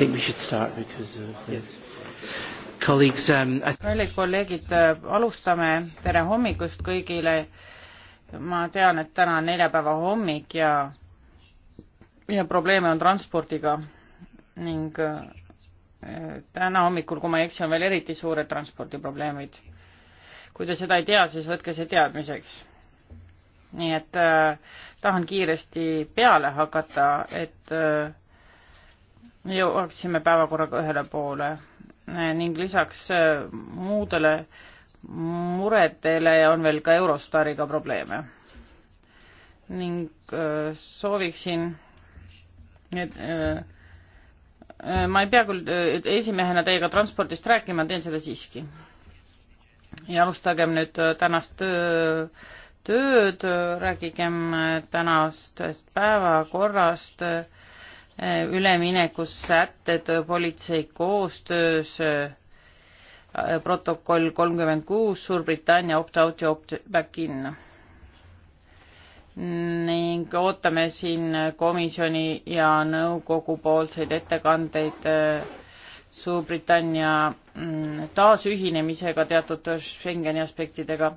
think we should start because of yes. colleagues um, kallid kolleegid, äh, alustame, tere hommikust kõigile. ma tean, et täna on neljapäeva hommik ja, ja probleeme on transpordiga ning äh, täna hommikul, kui ma ei eksi, on veel eriti suured transpordiprobleemid. kui te seda ei tea, siis võtke see teadmiseks. nii et äh, tahan kiiresti peale hakata, et äh, jõuaksime päevakorraga ühele poole ning lisaks äh, muudele muredele on veel ka Eurostariga probleeme. ning äh, sooviksin, et äh, ma ei pea küll esimehena teiega transpordist rääkima, teen seda siiski. ja alustagem nüüd tänast töö, tööd, rääkigem tänastest päevakorrast äh, Äh, üleminekussätted äh, politsei koostöös, äh, protokoll kolmkümmend kuus, Suurbritannia opt-out ja opt-back in. ning ootame siin komisjoni ja nõukogu poolseid ettekandeid Suurbritannia mm, taasühinemisega teatud Schengeni aspektidega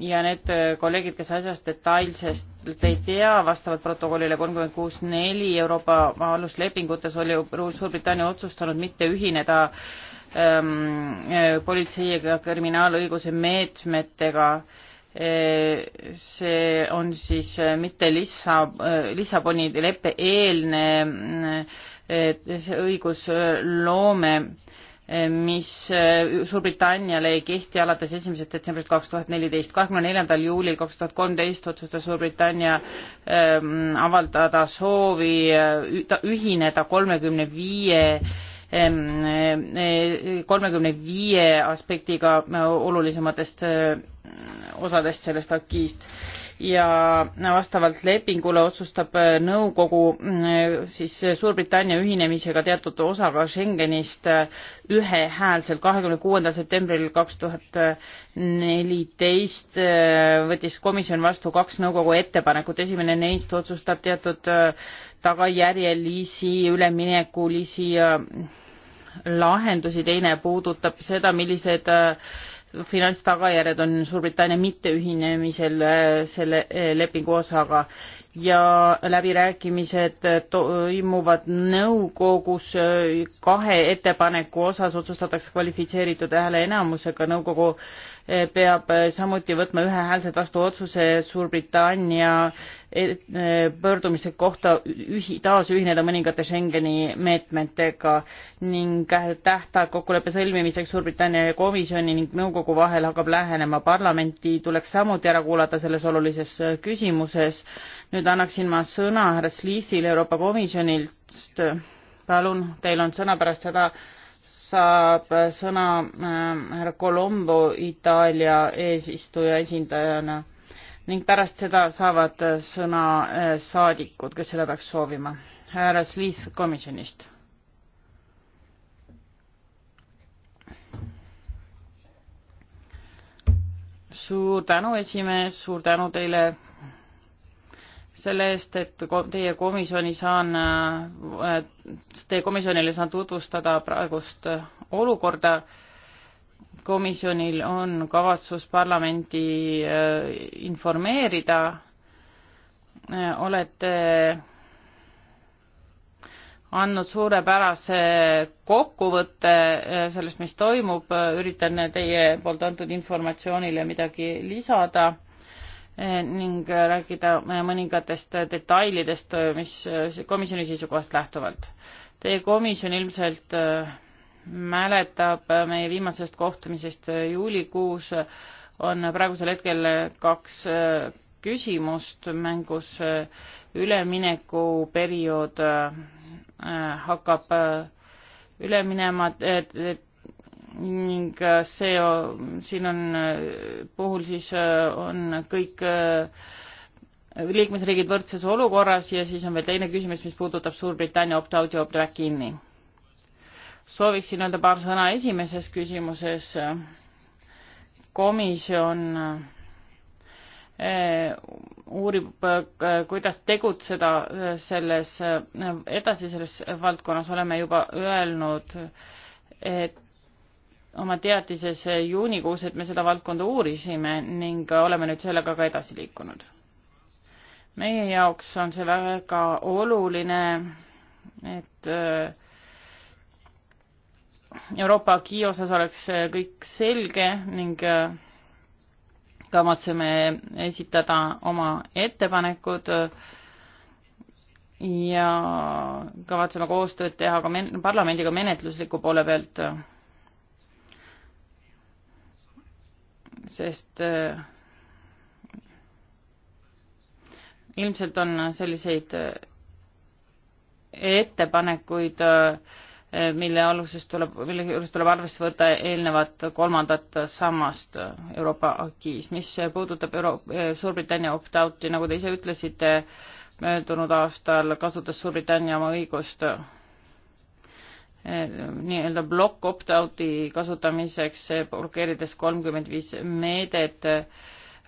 ja need kolleegid, kes asjast detailselt ei tea, vastavalt protokollile kolmkümmend kuus neli Euroopa aluslepingutes oli Suurbritannia otsustanud mitte ühineda ähm, politsei ega kriminaalõiguse meetmetega äh, see on siis mitte Lissa, Lissaboni leppe eelne äh, õigusloome mis eh, Suurbritanniale ei kehti alates esimesest detsembrist kaks tuhat neliteist. kahekümne neljandal juulil kaks tuhat kolmteist otsustas Suurbritannia ähm, avaldada soovi eh, ühineda kolmekümne viie ehm, eh, kolmekümne viie aspektiga olulisematest osadest sellest akiist ja vastavalt lepingule otsustab äh, nõukogu mm, äh, siis äh, Suurbritannia ühinemisega teatud osaga Schengenist ühehäälselt. kahekümne kuuendal septembril kaks tuhat neliteist võttis komisjon vastu kaks nõukogu ettepanekut, esimene neist otsustab teatud tagajärjelisi, üleminekulisi lahendusi, teine puudutab seda, millised äh, finantstagajärjed on Suurbritannia mitteühinemisel äh, selle äh, lepingu osaga ja läbirääkimised äh, toimuvad nõukogus kahe ettepaneku osas otsustatakse kvalifitseeritud hääle enamusega nõukogu peab samuti võtma ühehäälselt vastu otsuse Suurbritannia e, pöördumise kohta ühi, taas ühineda mõningate Schengeni meetmetega ning tähtaeg kokkuleppe sõlmimiseks Suurbritannia komisjoni ning nõukogu vahel hakkab lähenema. parlamenti tuleks samuti ära kuulata selles olulises küsimuses. nüüd annaksin ma sõna härra Sliithile Euroopa Komisjonilt. palun, teil on sõna pärast seda saab sõna äh, härra Colombo Itaalia eesistuja esindajana ning pärast seda saavad sõna äh, saadikud, kes seda peaks soovima. härra Sliis komisjonist. suur tänu, esimees, suur tänu teile selle eest, et teie komisjoni saan, teie komisjonile saan tutvustada praegust olukorda. komisjonil on kavatsus parlamendi äh, informeerida. olete andnud suurepärase kokkuvõtte äh, sellest, mis toimub, üritan teie poolt antud informatsioonile midagi lisada Eh, ning eh, rääkida eh, mõningatest detailidest, mis komisjoni seisukohast lähtuvalt. Teie komisjon ilmselt mäletab meie viimasest kohtumisest juulikuus, on praegusel hetkel kaks küsimust mängus. üleminekuperiood hakkab üle minema ning äh, see, siin on, äh, puhul siis äh, on kõik liikmesriigid võrdses olukorras ja siis on veel teine küsimus, mis puudutab Suurbritannia opt-out ja opt-back in'i. sooviksin öelda paar sõna esimeses küsimuses. komisjon uurib, kuidas tegutseda selles, edasi selles valdkonnas, oleme juba öelnud, et oma teatises juunikuus, et me seda valdkonda uurisime ning oleme nüüd sellega ka edasi liikunud. meie jaoks on see väga oluline, et äh, Euroopa GI osas oleks kõik selge ning äh, kavatseme esitada oma ettepanekud äh, ja kavatseme koostööd teha ka men-, parlamendiga menetlusliku poole pealt sest äh, ilmselt on selliseid äh, ettepanekuid, äh, mille aluses tuleb, mille juures tuleb arvesse võtta eelnevat kolmandat sammast Euroopa akiis, mis puudutab Euro-, Suurbritannia opt-out'i, nagu te ise ütlesite, möödunud aastal kasutas Suurbritannia oma õigust nii-öelda block opt-out'i kasutamiseks, blokeerides kolmkümmend viis meedet,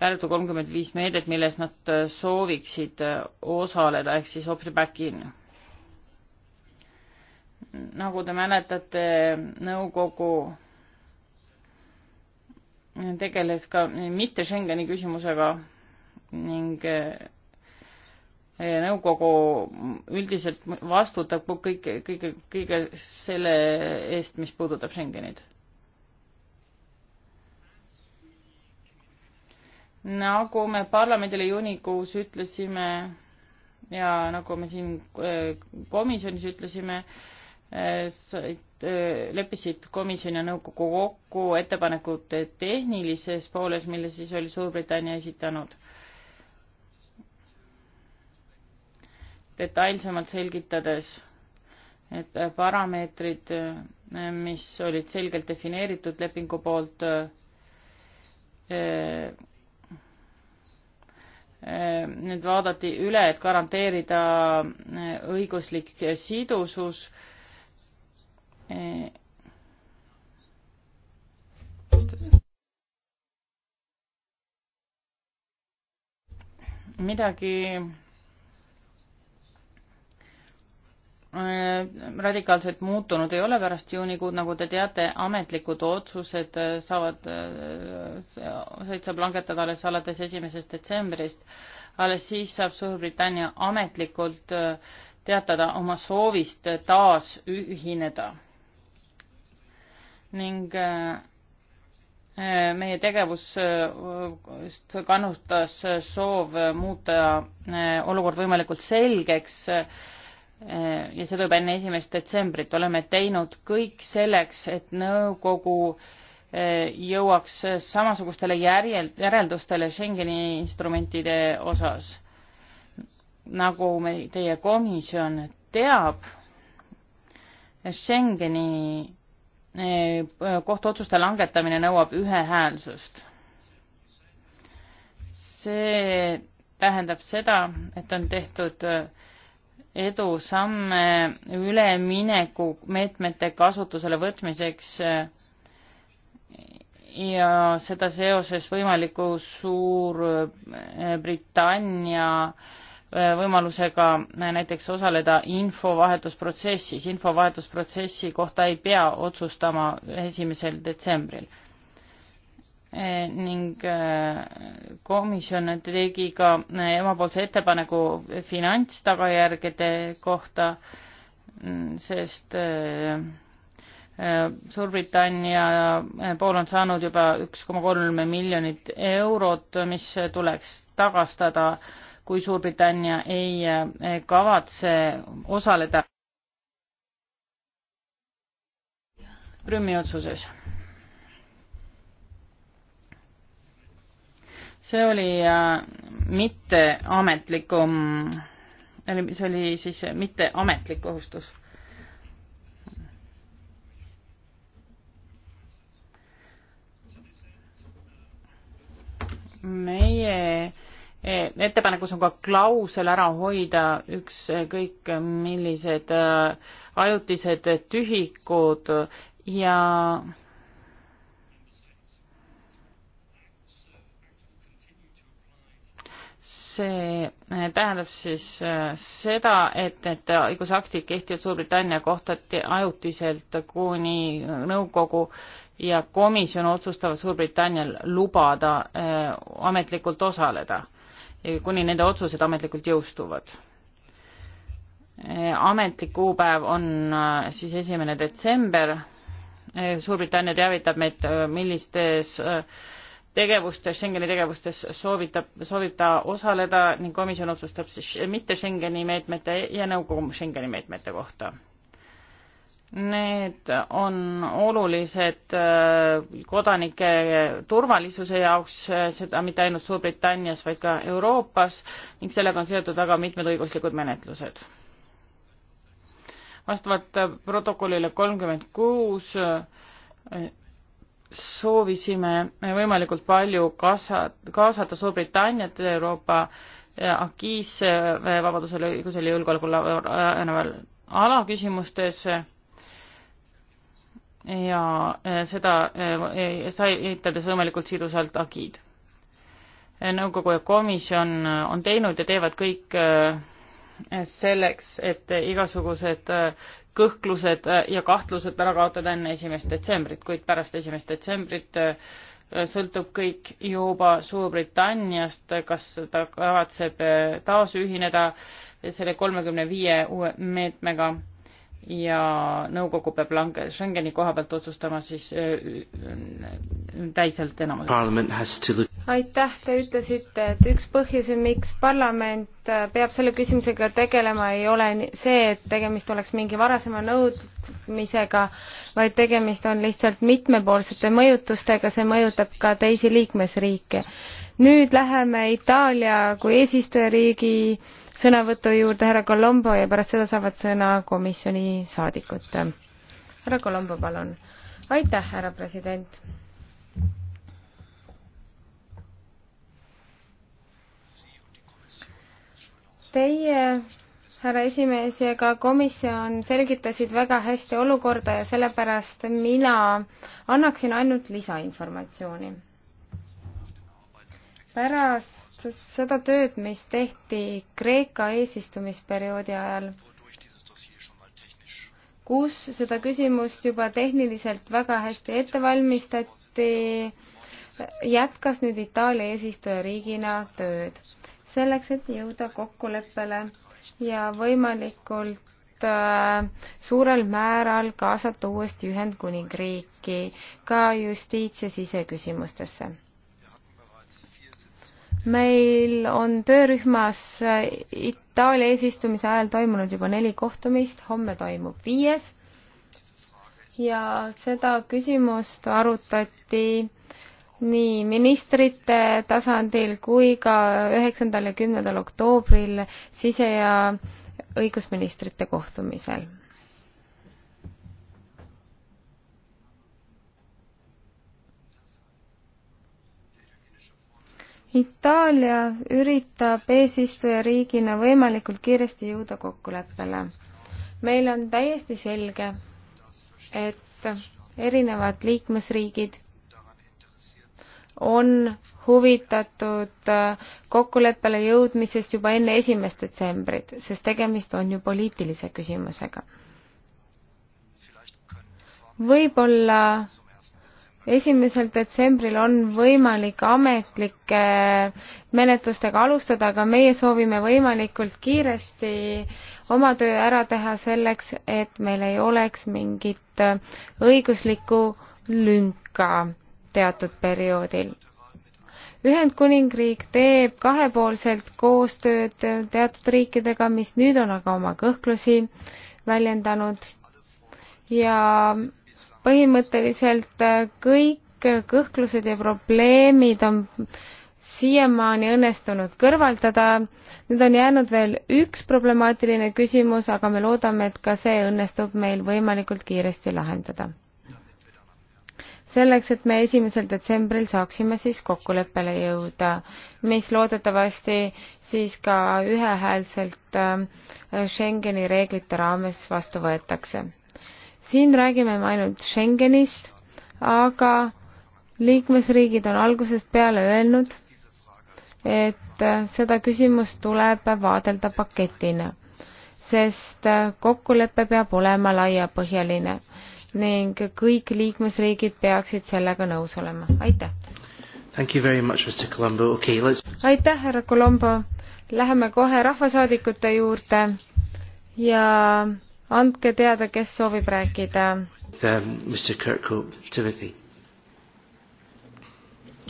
hääletu kolmkümmend viis meedet, milles nad sooviksid osaleda, ehk siis opt-back in. nagu te mäletate, nõukogu tegeles ka mitte Schengeni küsimusega ning nõukogu üldiselt vastutab kõike, kõige, kõige selle eest, mis puudutab Schengenit. nagu me parlamendile juunikuus ütlesime ja nagu me siin eh, komisjonis ütlesime, eh, eh, leppisid komisjon ja nõukogu kokku ettepanekute tehnilises pooles, mille siis oli Suurbritannia esitanud detailsemalt selgitades, et parameetrid, mis olid selgelt defineeritud lepingu poolt, need vaadati üle, et garanteerida õiguslik sidusus midagi Äh, radikaalselt muutunud ei ole pärast juunikuud, nagu te teate, ametlikud otsused äh, saavad, neid äh, saab langetada alles alates esimesest detsembrist. alles siis saab Suurbritannia ametlikult teatada oma soovist taas ühineda. ning meie tegevust kannustas soov muuta olukord võimalikult selgeks Eh, ja seda juba enne esimest detsembrit, oleme teinud kõik selleks, et nõukogu eh, jõuaks samasugustele järjel, järeldustele Schengeni instrumentide osas. nagu me, teie komisjon teab, Schengeni eh, kohtuotsuste langetamine nõuab ühehäälsust. see tähendab seda, et on tehtud äh, edusamme üleminekumeetmete kasutusele võtmiseks eh, ja seda seoses võimaliku Suurbritannia eh, võimalusega näiteks osaleda infovahetusprotsessis. infovahetusprotsessi kohta ei pea otsustama esimesel detsembril Eh, ning eh, komisjon tegi ka eh, omapoolse ettepaneku finantstagajärgede kohta, mm, sest Suurbritannia pool on saanud juba üks koma kolm miljonit eurot, mis tuleks tagastada, kui Suurbritannia ei kavatse osaleda Prümi otsuses see oli äh, mitteametlikum, see oli siis mitteametlik kohustus. meie e, ettepanekus on ka klausel ära hoida ükskõik e, millised e, ajutised tühikud ja see eh, tähendab siis eh, seda, et need õigusaktid kehtivad Suurbritannia kohta ajutiselt, kuni nõukogu ja komisjon otsustavad Suurbritannial lubada eh, ametlikult osaleda, kuni nende otsused ametlikult jõustuvad. ametlik kuupäev on siis esimene detsember. Suurbritannia teavitab meid, millistes tegevustes, Schengeni tegevustes soovitab, soovib ta osaleda ning komisjon otsustab siis mitte Schengeni meetmete ja nõukogu Schengeni meetmete kohta. Need on olulised äh, kodanike turvalisuse jaoks, äh, seda mitte ainult Suurbritannias, vaid ka Euroopas ning sellega on seotud väga mitmed õiguslikud menetlused. vastavalt äh, protokollile kolmkümmend kuus soovisime võimalikult palju kaasa, kaasata Suurbritanniat Euroopa eh, agiis eh, vabadusele, õigusele ja julgeolekule oleval alaküsimustes ja eh, seda sai ehitades võimalikult sidusalt agiid. nõukogu ja komisjon on teinud ja teevad kõik selleks, et igasugused äh, kõhklused äh, ja kahtlused ära kaotada enne esimest detsembrit, kuid pärast esimest detsembrit äh, sõltub kõik juba Suurbritanniast, kas ta kavatseb taas ühineda selle kolmekümne viie uue meetmega ja nõukogu peab lange-, Schengeni koha pealt otsustama siis täiselt enamus. aitäh, te ütlesite, et üks põhjusi, miks parlament äh, peab selle küsimusega tegelema, ei ole see, et tegemist oleks mingi varasema nõudmisega, vaid tegemist on lihtsalt mitmepoolsete mõjutustega, see mõjutab ka teisi liikmesriike. nüüd läheme Itaalia kui eesistujariigi sõnavõtu juurde härra Colombo ja pärast seda saavad sõna komisjoni saadikud. härra Colombo, palun. aitäh, härra president. Teie härra esimees ja ka komisjon selgitasid väga hästi olukorda ja sellepärast mina annaksin ainult lisainformatsiooni. pärast seda tööd, mis tehti Kreeka eesistumisperioodi ajal, kus seda küsimust juba tehniliselt väga hästi ette valmistati, jätkas nüüd Itaalia eesistujariigina tööd selleks, et jõuda kokkuleppele ja võimalikult äh, suurel määral kaasata uuesti Ühendkuningriiki ka justiits- ja siseküsimustesse meil on töörühmas äh, Itaalia eesistumise ajal toimunud juba neli kohtumist, homme toimub viies. ja seda küsimust arutati nii ministrite tasandil kui ka üheksandal ja kümnendal oktoobril sise- ja õigusministrite kohtumisel Itaalia üritab eesistujariigina võimalikult kiiresti jõuda kokkuleppele. meil on täiesti selge, et erinevad liikmesriigid on huvitatud kokkuleppele jõudmisest juba enne esimest detsembrit, sest tegemist on ju poliitilise küsimusega. võib-olla esimesel detsembril on võimalik ametlike menetlustega alustada, aga meie soovime võimalikult kiiresti oma töö ära teha selleks, et meil ei oleks mingit õiguslikku lünka teatud perioodil. Ühendkuningriik teeb kahepoolselt koostööd teatud riikidega, mis nüüd on aga oma kõhklusi väljendanud ja põhimõtteliselt äh, kõik kõhklused ja probleemid on siiamaani õnnestunud kõrvaldada. nüüd on jäänud veel üks problemaatiline küsimus, aga me loodame, et ka see õnnestub meil võimalikult kiiresti lahendada. selleks, et me esimesel detsembril saaksime siis kokkuleppele jõuda, mis loodetavasti siis ka ühehäälselt äh, Schengeni reeglite raames vastu võetakse siin räägime me ainult Schengenist, aga liikmesriigid on algusest peale öelnud, et äh, seda küsimust tuleb vaadelda paketina, sest äh, kokkulepe peab olema laiapõhjaline ning kõik liikmesriigid peaksid sellega nõus olema. aitäh! Okay, let's... aitäh, härra Colombo! Läheme kohe rahvasaadikute juurde ja andke teada, kes soovib rääkida. Uh, Mr Kirkhope, Timothy.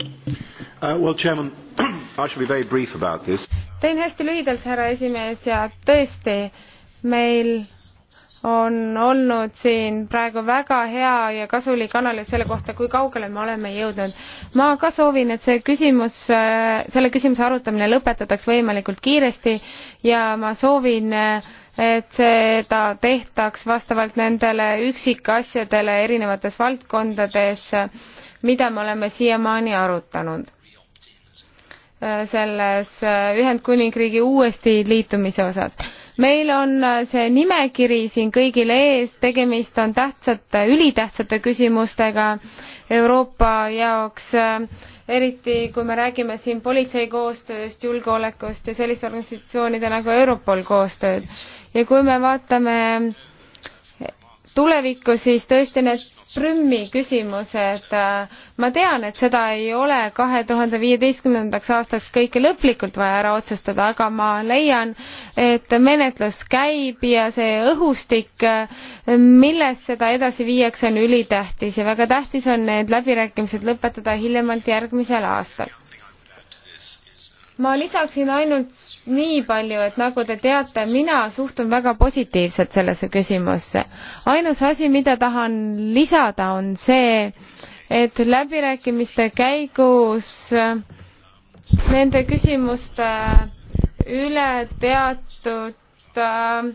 Uh, well, Chairman, I shall be very brief about this. teen hästi lühidalt, härra esimees, ja tõesti, meil on olnud siin praegu väga hea ja kasulik analüüs selle kohta, kui kaugele me oleme jõudnud. ma ka soovin, et see küsimus, äh, selle küsimuse arutamine lõpetataks võimalikult kiiresti ja ma soovin äh, et seda tehtaks vastavalt nendele üksikasjadele erinevates valdkondades, mida me oleme siiamaani arutanud selles Ühendkuningriigi uuesti liitumise osas meil on äh, see nimekiri siin kõigil ees, tegemist on tähtsate, ülitähtsate küsimustega Euroopa jaoks, äh, eriti kui me räägime siin politsei koostööst, julgeolekust ja selliste organisatsioonide nagu Europol koostööd. ja kui me vaatame tulevikku, siis tõesti need Prümmi küsimused, äh, ma tean, et seda ei ole kahe tuhande viieteistkümnendaks aastaks kõike lõplikult vaja ära otsustada, aga ma leian, et menetlus käib ja see õhustik, äh, milles seda edasi viiakse, on ülitähtis ja väga tähtis on need läbirääkimised lõpetada hiljemalt järgmisel aastal. ma lisaksin ainult nii palju, et nagu te teate, mina suhtun väga positiivselt sellesse küsimusse. ainus asi, mida tahan lisada, on see, et läbirääkimiste käigus nende küsimuste üle teatud äh,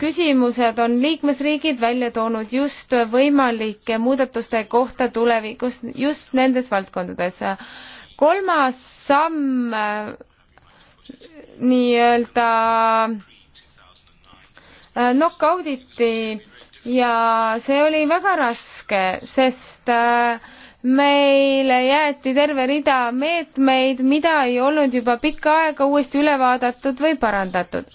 küsimused on liikmesriigid välja toonud just võimalike muudatuste kohta tulevikus just nendes valdkondades. kolmas samm nii-öelda äh, knock-out'iti ja see oli väga raske, sest äh, meile jäeti terve rida meetmeid, mida ei olnud juba pikka aega uuesti üle vaadatud või parandatud.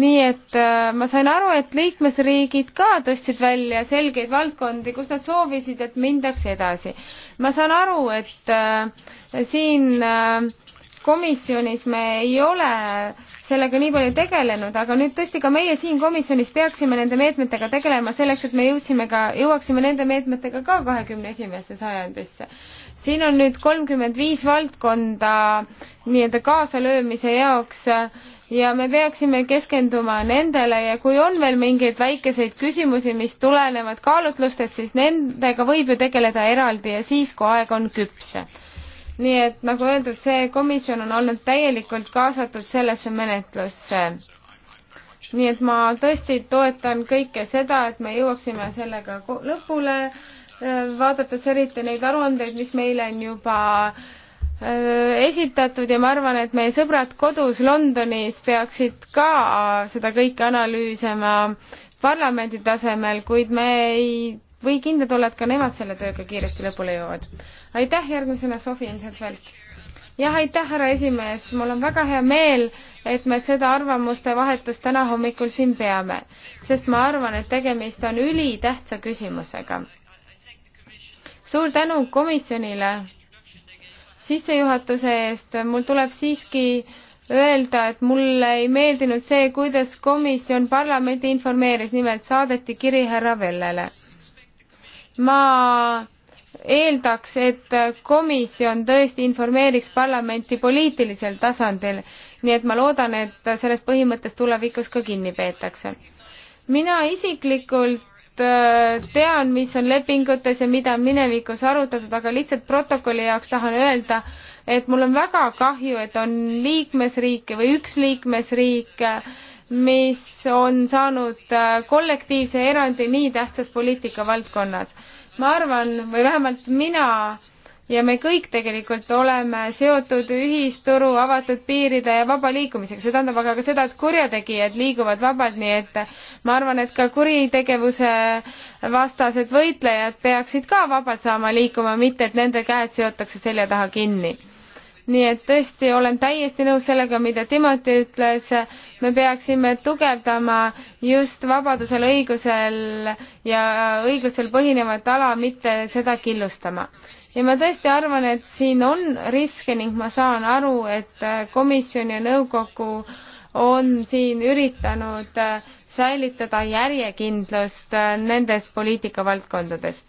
nii et äh, ma sain aru, et liikmesriigid ka tõstsid välja selgeid valdkondi, kus nad soovisid, et mindaks edasi. ma saan aru, et siin äh, komisjonis me ei ole sellega nii palju tegelenud, aga nüüd tõesti ka meie siin komisjonis peaksime nende meetmetega tegelema selleks, et me jõudsime ka, jõuaksime nende meetmetega ka kahekümne esimesse sajandisse. siin on nüüd kolmkümmend viis valdkonda nii-öelda kaasalöömise jaoks ja me peaksime keskenduma nendele ja kui on veel mingeid väikeseid küsimusi, mis tulenevad kaalutlustest, siis nendega võib ju tegeleda eraldi ja siis, kui aeg on küps nii et nagu öeldud, see komisjon on olnud täielikult kaasatud sellesse menetlusse. nii et ma tõesti toetan kõike seda, et me jõuaksime sellega lõpule, äh, vaadates eriti neid aruandeid, mis meile on juba äh, esitatud ja ma arvan, et meie sõbrad kodus Londonis peaksid ka seda kõike analüüsima parlamendi tasemel, kuid me ei või kindlad olla, et ka nemad selle tööga kiiresti lõpule jõuavad aitäh, järgmisena Sofi Insenfeld jah, aitäh, härra esimees, mul on väga hea meel, et me seda arvamuste vahetust täna hommikul siin peame, sest ma arvan, et tegemist on ülitähtsa küsimusega. suur tänu komisjonile sissejuhatuse eest, mul tuleb siiski öelda, et mulle ei meeldinud see, kuidas komisjon parlamendi informeeris, nimelt saadeti kiri härra Vellele. ma eeldaks, et komisjon tõesti informeeriks parlamenti poliitilisel tasandil, nii et ma loodan, et sellest põhimõttest tulevikus ka kinni peetakse. mina isiklikult äh, tean, mis on lepingutes ja mida on minevikus arutatud, aga lihtsalt protokolli jaoks tahan öelda, et mul on väga kahju, et on liikmesriike või üks liikmesriik, mis on saanud äh, kollektiivse erandi nii tähtsas poliitikavaldkonnas ma arvan, või vähemalt mina ja me kõik tegelikult oleme seotud ühisturu avatud piiride ja vaba liikumisega, see tähendab aga ka seda, et kurjategijad liiguvad vabalt, nii et ma arvan, et ka kuritegevuse vastased võitlejad peaksid ka vabalt saama liikuma, mitte et nende käed seotakse selja taha kinni nii et tõesti olen täiesti nõus sellega, mida Timoti ütles, me peaksime tugevdama just vabadusel, õigusel ja õiglusel põhinevat ala, mitte seda killustama. ja ma tõesti arvan, et siin on riske ning ma saan aru, et komisjon ja nõukogu on siin üritanud säilitada järjekindlust nendes poliitikavaldkondades.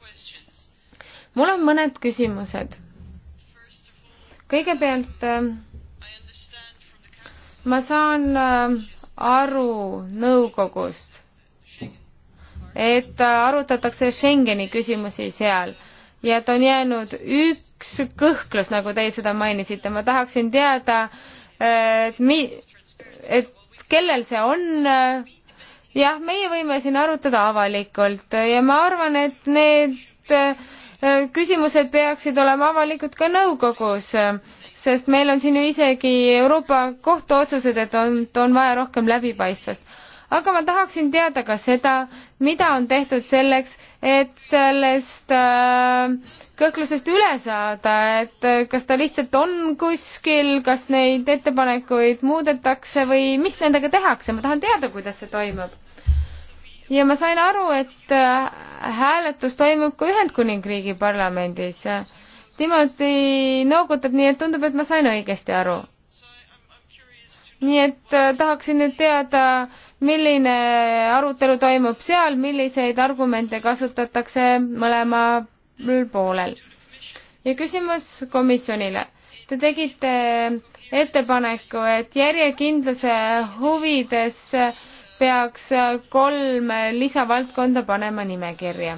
mul on mõned küsimused kõigepealt ähm, ma saan ähm, aru nõukogust, et äh, arutatakse Schengeni küsimusi seal ja et on jäänud üks kõhklus, nagu teie seda mainisite. ma tahaksin teada, äh, et mi-, et kellel see on, äh, jah, meie võime siin arutada avalikult ja ma arvan, et need Äh, küsimused peaksid olema avalikud ka nõukogus, äh, sest meil on siin ju isegi Euroopa Kohtu otsused, et on, on vaja rohkem läbipaistvust. aga ma tahaksin teada ka seda, mida on tehtud selleks, et sellest äh, kõhklusest üle saada, et äh, kas ta lihtsalt on kuskil, kas neid ettepanekuid muudetakse või mis nendega tehakse, ma tahan teada, kuidas see toimub ja ma sain aru, et äh, hääletus toimub ka Ühendkuningriigi parlamendis. Timothy noogutab, nii et tundub, et ma sain õigesti aru. nii et äh, tahaksin nüüd teada, milline arutelu toimub seal, milliseid argumente kasutatakse mõlemal poolel. ja küsimus komisjonile. Te tegite ettepaneku, et järjekindluse huvides äh, peaks kolm lisavaldkonda panema nimekirja.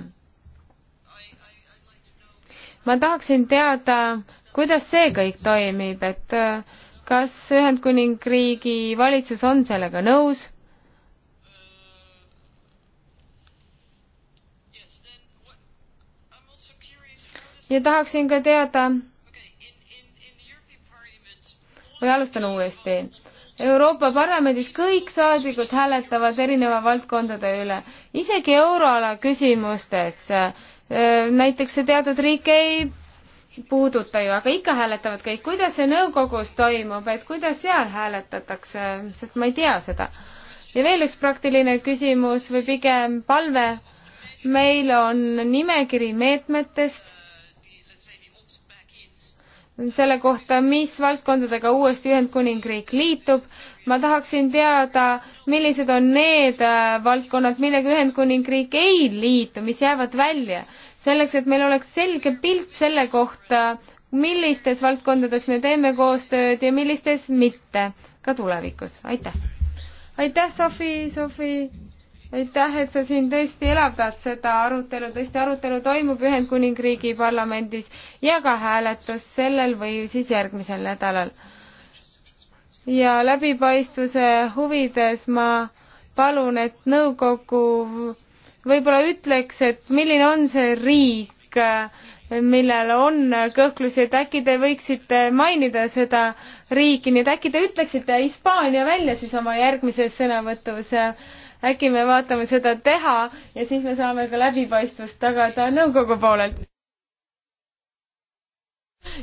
ma tahaksin teada, kuidas see kõik toimib, et äh, kas Ühendkuningriigi valitsus on sellega nõus? ja tahaksin ka teada, või alustan uuesti Euroopa Parlamendis kõik saadikud hääletavad erineva valdkondade üle, isegi euroala küsimustes. Äh, näiteks see teatud riik ei puuduta ju, aga ikka hääletavad kõik. kuidas see nõukogus toimub, et kuidas seal hääletatakse, sest ma ei tea seda. ja veel üks praktiline küsimus või pigem palve. meil on nimekiri meetmetest selle kohta, mis valdkondadega uuesti Ühendkuningriik liitub. ma tahaksin teada, millised on need äh, valdkonnad, millega Ühendkuningriik ei liitu, mis jäävad välja, selleks et meil oleks selge pilt selle kohta, millistes valdkondades me teeme koostööd ja millistes mitte ka tulevikus. aitäh! aitäh, Sofi, Sofi aitäh, et sa siin tõesti elavdad seda arutelu, tõesti arutelu toimub Ühendkuningriigi parlamendis ja ka hääletus sellel või siis järgmisel nädalal. ja läbipaistvuse huvides ma palun, et nõukogu võib-olla ütleks, et milline on see riik, millel on kõhklusi, et äkki te võiksite mainida seda riiki, nii et äkki te ütleksite Hispaania välja siis oma järgmises sõnavõtus äkki me vaatame seda teha ja siis me saame ka läbipaistvust tagada nõukogu poolelt.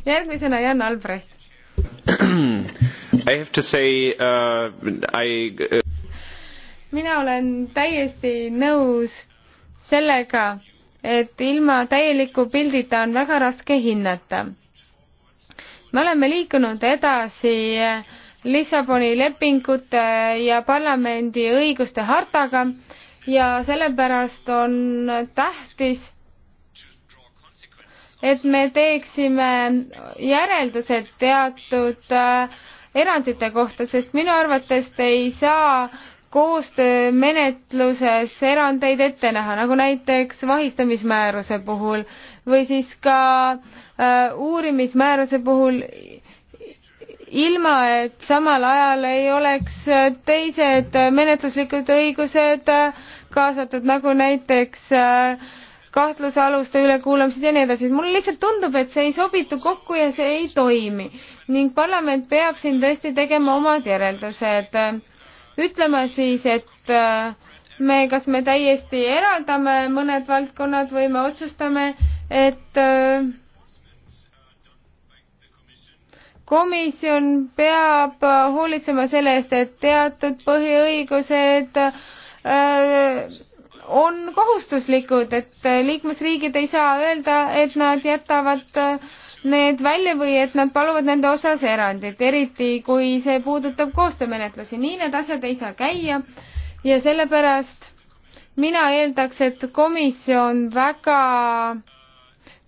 järgmisena Jan Albrecht. I have to say uh, I uh, mina olen täiesti nõus sellega, et ilma täieliku pildita on väga raske hinnata. me oleme liikunud edasi äh, Lissaboni lepingute ja parlamendi õiguste hartaga ja sellepärast on tähtis, et me teeksime järeldused teatud äh, erandite kohta, sest minu arvates ei saa koostöömenetluses erandeid ette näha, nagu näiteks vahistamismääruse puhul või siis ka äh, uurimismääruse puhul ilma et samal ajal ei oleks teised menetluslikud õigused kaasatud, nagu näiteks äh, kahtlusaluste ülekuulamised ja nii edasi. mulle lihtsalt tundub, et see ei sobitu kokku ja see ei toimi ning parlament peab siin tõesti tegema omad järeldused, ütlema siis, et äh, me, kas me täiesti eraldame mõned valdkonnad või me otsustame, et äh, komisjon peab äh, hoolitsema selle eest, et teatud põhiõigused äh, on kohustuslikud, et äh, liikmesriigid ei saa öelda, et nad jätavad need välja või et nad paluvad nende osas erandit, eriti kui see puudutab koostöömenetlusi. nii need asjad ei saa käia ja sellepärast mina eeldaks, et komisjon väga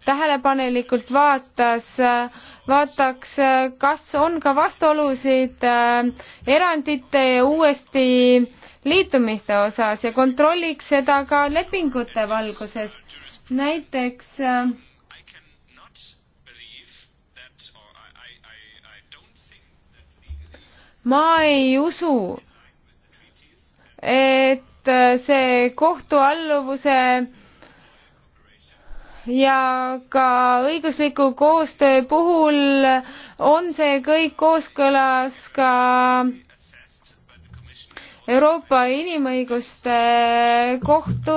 tähelepanelikult vaatas, vaataks, kas on ka vastuolusid äh, erandite ja uuesti liitumiste osas ja kontrolliks seda ka lepingute valguses. näiteks äh, ma ei usu, et äh, see kohtualluvuse ja ka õigusliku koostöö puhul on see kõik kooskõlas ka Euroopa Inimõiguste Kohtu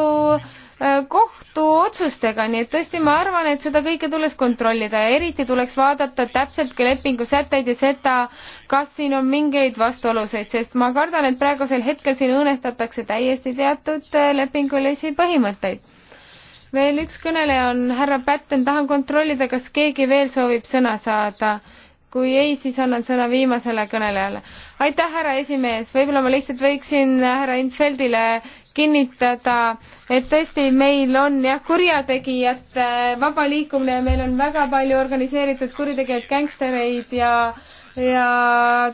eh, kohtuotsustega, nii et tõesti, ma arvan, et seda kõike tuleks kontrollida ja eriti tuleks vaadata täpselt ka lepingusätteid ja seda, kas siin on mingeid vastuoluseid, sest ma kardan, et praegusel hetkel siin õõnestatakse täiesti teatud eh, lepingulisi põhimõtteid veel üks kõneleja on härra Pätten, tahan kontrollida, kas keegi veel soovib sõna saada. kui ei, siis annan sõna viimasele kõnelejale. aitäh, härra esimees, võib-olla ma lihtsalt võiksin härra Infeldile kinnitada, et tõesti, meil on jah, kurjategijate vaba liikumine ja meil on väga palju organiseeritud kuritegijaid, gängstereid ja ja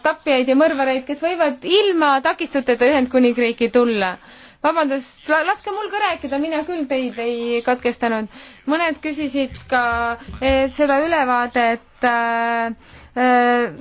tapjaid ja mõrvareid, kes võivad ilma takistuteta Ühendkuningriiki tulla vabandust, laske mul ka rääkida, mina küll teid ei katkestanud. mõned küsisid ka seda ülevaadet äh, äh,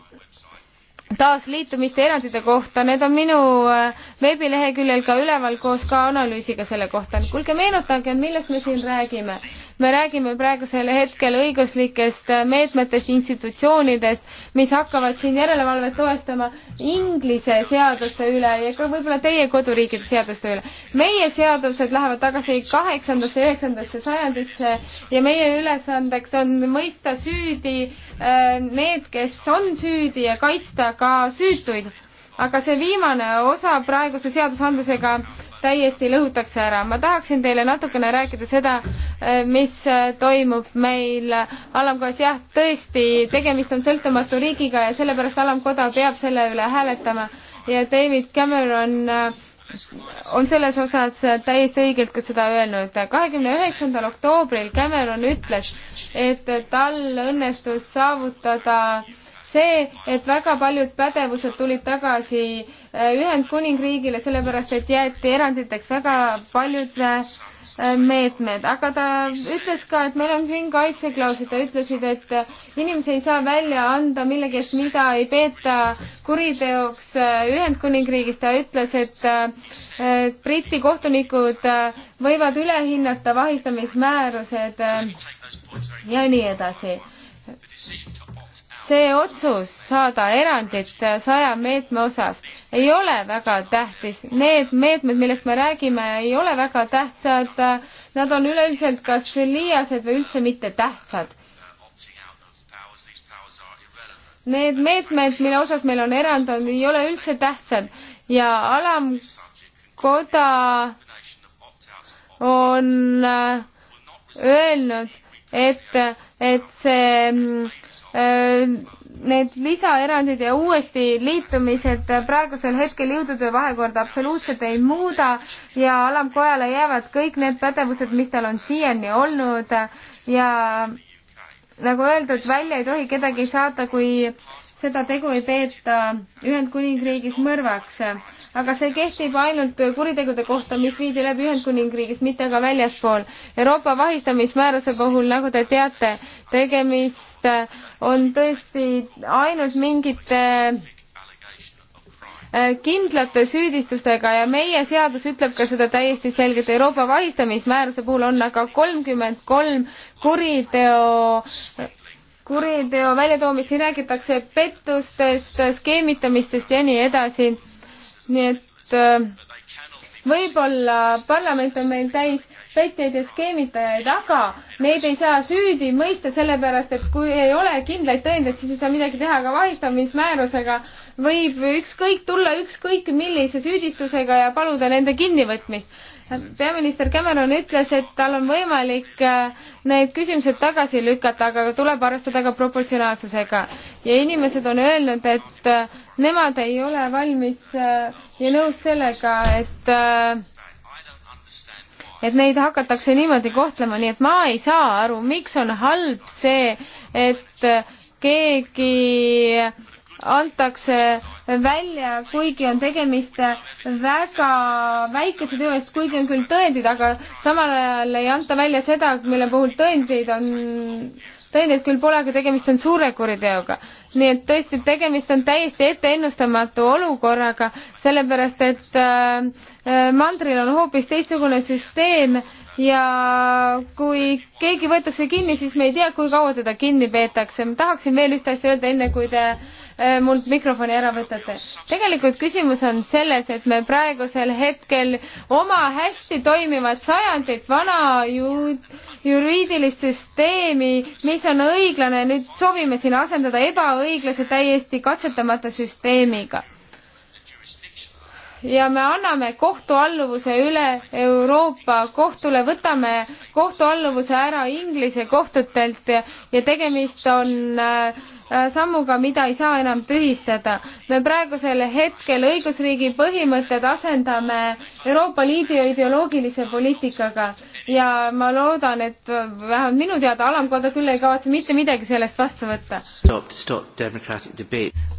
taasliitumiste erandite kohta, need on minu äh, veebileheküljel ka üleval koos ka analüüsiga selle kohta. kuulge, meenutage, millest me siin räägime me räägime praegusel hetkel õiguslikest meetmetest, institutsioonidest, mis hakkavad siin järelevalvet toestama Inglise seaduste üle ja ka võib-olla teie koduriikide seaduste üle. meie seadused lähevad tagasi kaheksandasse, üheksandasse sajandisse ja meie ülesandeks on mõista süüdi äh, need, kes on süüdi ja kaitsta ka süütuid aga see viimane osa praeguse seadusandlusega täiesti lõhutakse ära. ma tahaksin teile natukene rääkida seda, eh, mis eh, toimub meil alamkojas. jah, tõesti, tegemist on sõltumatu riigiga ja sellepärast alamkoda peab selle üle hääletama ja David Cameron eh, on selles osas täiesti õigelt ka seda öelnud. kahekümne üheksandal oktoobril Cameron ütles, et tal õnnestus saavutada äh, see, et väga paljud pädevused tulid tagasi äh, Ühendkuningriigile, sellepärast et jäeti eranditeks väga paljud äh, meetmed, aga ta ütles ka, et meil on siin kaitseklauslid, ta ütlesid, et äh, inimesi ei saa välja anda millegi eest, mida ei peeta kuriteoks Ühendkuningriigis, ta ütles, et Briti kohtunikud võivad üle hinnata vahistamismäärused ja nii edasi see otsus saada erandit saja meetme osas ei ole väga tähtis. Need meetmed, millest me räägime, ei ole väga tähtsad. Nad on üleüldiselt kas liiased või üldse mitte tähtsad. Need meetmed, mille osas meil on erand, on, ei ole üldse tähtsad ja alamkoda on äh, öelnud, et et see, mm, äh, need lisaerandid ja uuesti liitumised praegusel hetkel jõudude vahekorda absoluutselt ei muuda ja alamkojale jäävad kõik need pädevused, mis tal on siiani olnud ja nagu öeldud, välja ei tohi kedagi saata, kui seda tegu ei peeta Ühendkuningriigis mõrvaks, aga see kehtib ainult kuritegude kohta, mis viidi läbi Ühendkuningriigis, mitte ka väljaspool. Euroopa vahistamismääruse puhul, nagu te teate, tegemist on tõesti ainult mingite äh, kindlate süüdistustega ja meie seadus ütleb ka seda täiesti selgelt. Euroopa vahistamismääruse puhul on aga kolmkümmend kolm kuriteo kuriteo väljatoomist, siin räägitakse pettustest, skeemitamistest ja nii edasi. nii et äh, võib-olla parlament on meil täis petjaid ja skeemitajaid, aga neid ei saa süüdi mõista, sellepärast et kui ei ole kindlaid tõendeid, siis ei saa midagi teha ka vahistamismäärusega. võib ükskõik tulla ükskõik millise süüdistusega ja paluda nende kinnivõtmist peaminister Cameron ütles, et tal on võimalik äh, need küsimused tagasi lükata, aga tuleb arvestada ka proportsionaalsusega. ja inimesed on öelnud, et äh, nemad ei ole valmis äh, ja nõus sellega, et et neid hakatakse niimoodi kohtlema, nii et ma ei saa aru, miks on halb see, et keegi antakse välja, kuigi on tegemist väga väikese töö eest, kuigi on küll tõendid, aga samal ajal ei anta välja seda, mille puhul tõendid on, tõendeid küll pole, aga tegemist on suure kuriteoga. nii et tõesti, tegemist on täiesti etteennustamatu olukorraga, sellepärast et äh, äh, mandril on hoopis teistsugune süsteem ja kui keegi võetakse kinni, siis me ei tea, kui kaua teda kinni peetakse. ma tahaksin veel ühte asja öelda, enne kui te äh, Äh, mult mikrofoni ära võtate. tegelikult küsimus on selles, et me praegusel hetkel oma hästi toimivat sajandit vana ju, juriidilist süsteemi, mis on õiglane, nüüd soovime siin asendada ebaõiglase täiesti katsetamata süsteemiga ja me anname kohtualluvuse üle Euroopa kohtule, võtame kohtualluvuse ära Inglise kohtutelt ja, ja tegemist on äh, Äh, sammuga, mida ei saa enam tühistada. me praegusel hetkel õigusriigi põhimõtted asendame Euroopa Liidu ideoloogilise poliitikaga ja ma loodan, et vähemalt minu teada alamkoda küll ei kavatse mitte midagi sellest vastu võtta.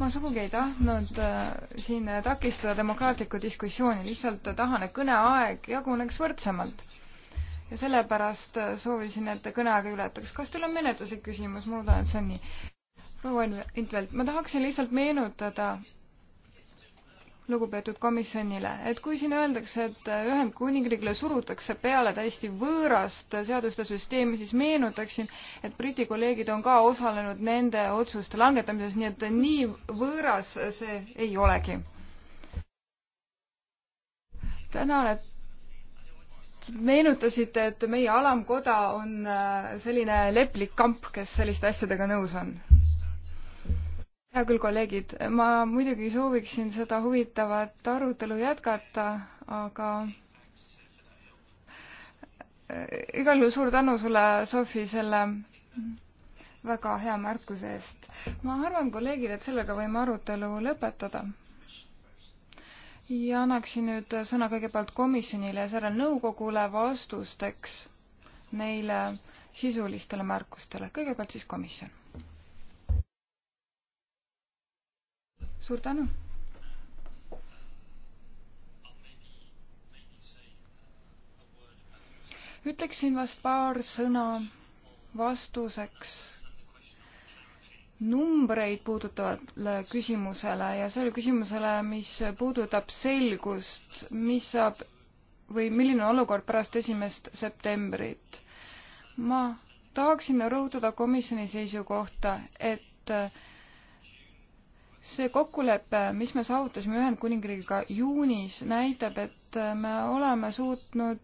ma sugugi ei tahtnud äh, siin takistada demokraatlikku diskussiooni, lihtsalt tahan, et kõneaeg jaguneks võrdsemalt. ja sellepärast soovisin, et kõneaega ületaks. kas teil on menetluslik küsimus? ma loodan, et see on nii proua Intvelt, ma tahaksin lihtsalt meenutada lugupeetud komisjonile, et kui siin öeldakse, et Ühendkuningriigile surutakse peale täiesti võõrast seaduste süsteemi, siis meenutaksin, et Briti kolleegid on ka osalenud nende otsuste langetamises, nii et nii võõras see ei olegi. tänan, et meenutasite, et meie alamkoda on äh, selline leplik kamp, kes selliste asjadega nõus on hea küll, kolleegid, ma muidugi sooviksin seda huvitavat arutelu jätkata, aga äh, igal juhul suur tänu sulle, Sofi, selle väga hea märkuse eest. ma arvan, kolleegid, et sellega võime arutelu lõpetada. ja annaksin nüüd sõna kõigepealt komisjonile ja seejärel nõukogule vastusteks neile sisulistele märkustele. kõigepealt siis komisjon suur tänu. ütleksin vast paar sõna vastuseks numbreid puudutavale küsimusele ja sellele küsimusele, mis puudutab selgust, mis saab või milline on olukord pärast esimest septembrit. ma tahaksin rõhutada komisjoni seisukohta, et see kokkulepe, mis me saavutasime Ühendkuningriigiga juunis, näitab, et me oleme suutnud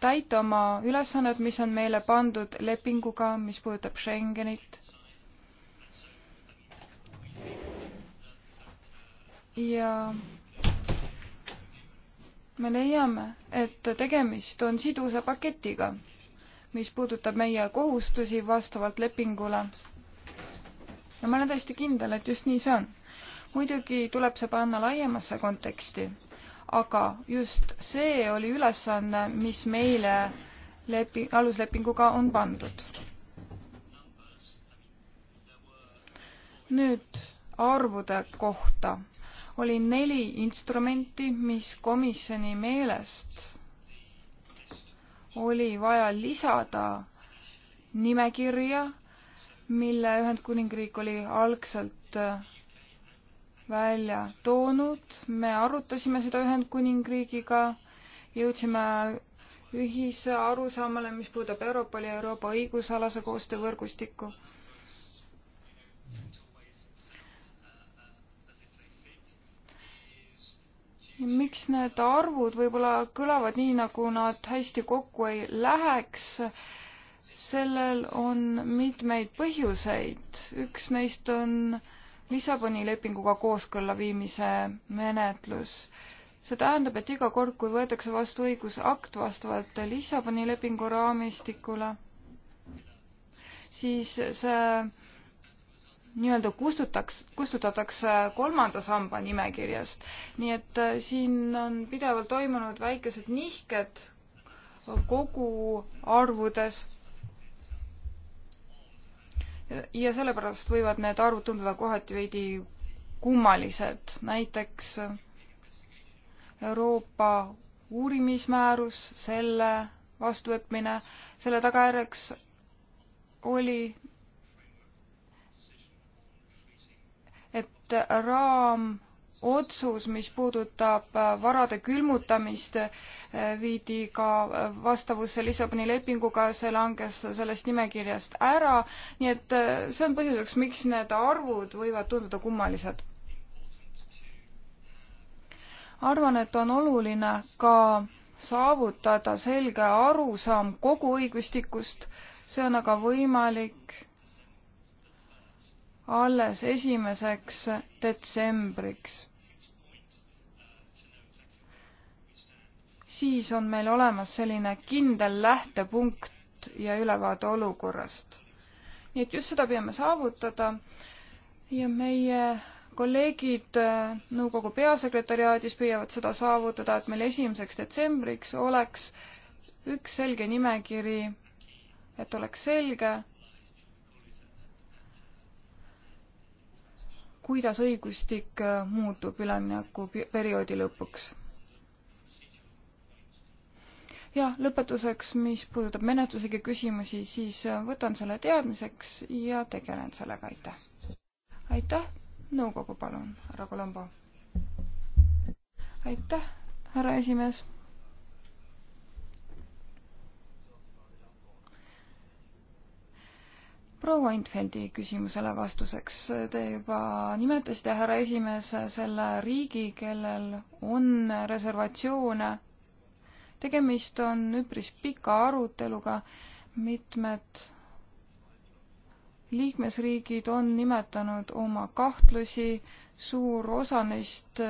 täita oma ülesannet, mis on meile pandud lepinguga, mis puudutab Schengenit. ja me leiame, et tegemist on sidusa paketiga, mis puudutab meie kohustusi vastavalt lepingule. ja ma olen täiesti kindel, et just nii see on muidugi tuleb see panna laiemasse konteksti, aga just see oli ülesanne, mis meile lepi-, aluslepinguga on pandud. nüüd arvude kohta oli neli instrumenti, mis komisjoni meelest oli vaja lisada nimekirja, mille Ühendkuningriik oli algselt välja toonud, me arutasime seda Ühendkuningriigiga, jõudsime ühise arusaamale, mis puudutab Europoli ja Euroopa õigusalase koostöövõrgustikku. miks need arvud võib-olla kõlavad nii, nagu nad hästi kokku ei läheks, sellel on mitmeid põhjuseid. üks neist on äh, Lissaboni lepinguga kooskõlla viimise menetlus. see tähendab, et iga kord, kui võetakse vastu õigusakt vastavalt Lissaboni lepingu raamistikule, siis see nii-öelda kustutaks, kustutatakse kolmanda samba nimekirjast. nii et äh, siin on pidevalt toimunud väikesed nihked koguarvudes ja sellepärast võivad need arvud tunduda kohati veidi kummalised. näiteks Euroopa uurimismäärus, selle vastuvõtmine, selle tagajärjeks oli, et raam otsus, mis puudutab äh, varade külmutamist, äh, viidi ka äh, vastavusse Lissaboni lepinguga, see langes sellest nimekirjast ära, nii et see on põhjuseks, miks need arvud võivad tunduda kummalised. arvan, et on oluline ka saavutada selge arusaam kogu õigustikust, see on aga võimalik alles esimeseks detsembriks. siis on meil olemas selline kindel lähtepunkt ja ülevaade olukorrast. nii et just seda püüame saavutada ja meie kolleegid äh, nõukogu peasekretäriaadis püüavad seda saavutada, et meil esimeseks detsembriks oleks üks selge nimekiri, et oleks selge, kuidas õigustik äh, muutub üleminekuperioodi lõpuks. ja lõpetuseks, mis puudutab menetluslikke küsimusi, siis äh, võtan selle teadmiseks ja tegelen sellega, aitäh. aitäh, nõukogu palun, härra Colombo. aitäh, härra esimees proua Intfeldi küsimusele vastuseks. Te juba nimetasite, härra esimees, selle riigi, kellel on reservatsioone. tegemist on üpris pika aruteluga. mitmed liikmesriigid on nimetanud oma kahtlusi, suur osa neist,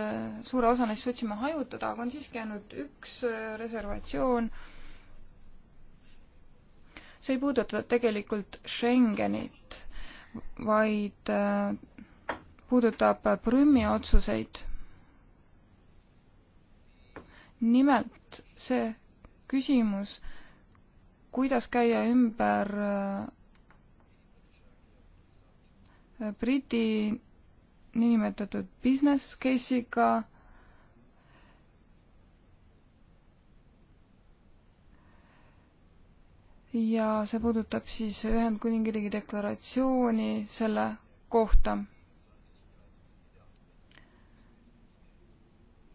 suure osa neist suutsime hajutada, aga on siiski ainult üks reservatsioon see ei puuduta tegelikult Schengenit, vaid äh, puudutab Prümi otsuseid. nimelt see küsimus, kuidas käia ümber äh, Briti niinimetatud business case'iga ja see puudutab siis Ühendkuningriigi deklaratsiooni selle kohta.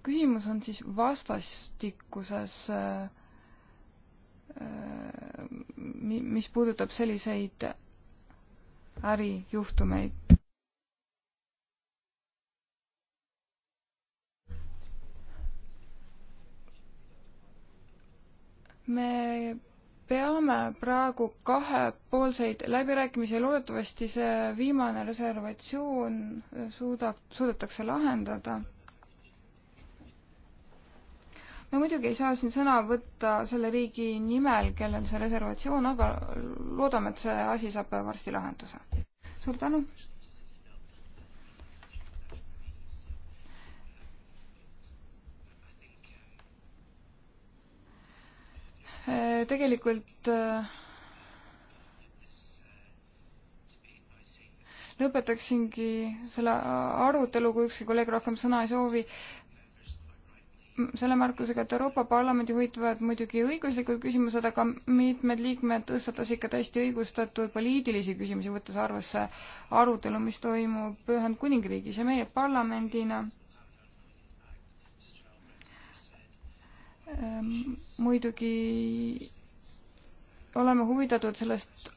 küsimus on siis vastastikuses, äh, mis puudutab selliseid ärijuhtumeid. me peame praegu kahepoolseid läbirääkimisi ja loodetavasti see viimane reservatsioon suudab, suudetakse lahendada. me muidugi ei saa siin sõna võtta selle riigi nimel, kellel see reservatsioon, aga loodame, et see asi saab varsti lahenduse. suur tänu! Eh, tegelikult eh, lõpetaksingi selle arutelu, kui ükski kolleeg rohkem sõna ei soovi, selle märkusega, et Euroopa Parlamendi huvitavad muidugi õiguslikud küsimused, aga mitmed liikmed tõstatasid ka täiesti õigustatud poliitilisi küsimusi, võttes arvesse arutelu, mis toimub Ühendkuningriigis ja meie parlamendina Ehm, muidugi oleme huvitatud sellest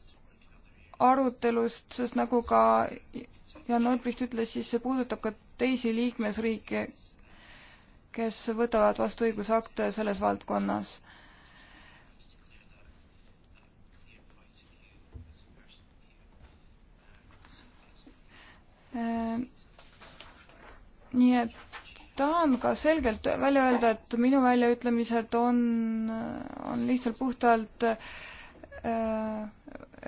arutelust, sest nagu ka Jan Olbricht ütles, siis see puudutab ka teisi liikmesriike, kes võtavad vastu õigusakte selles valdkonnas. Ehm, nii et tahan ka selgelt välja öelda, et minu väljaütlemised on, on lihtsalt puhtalt äh,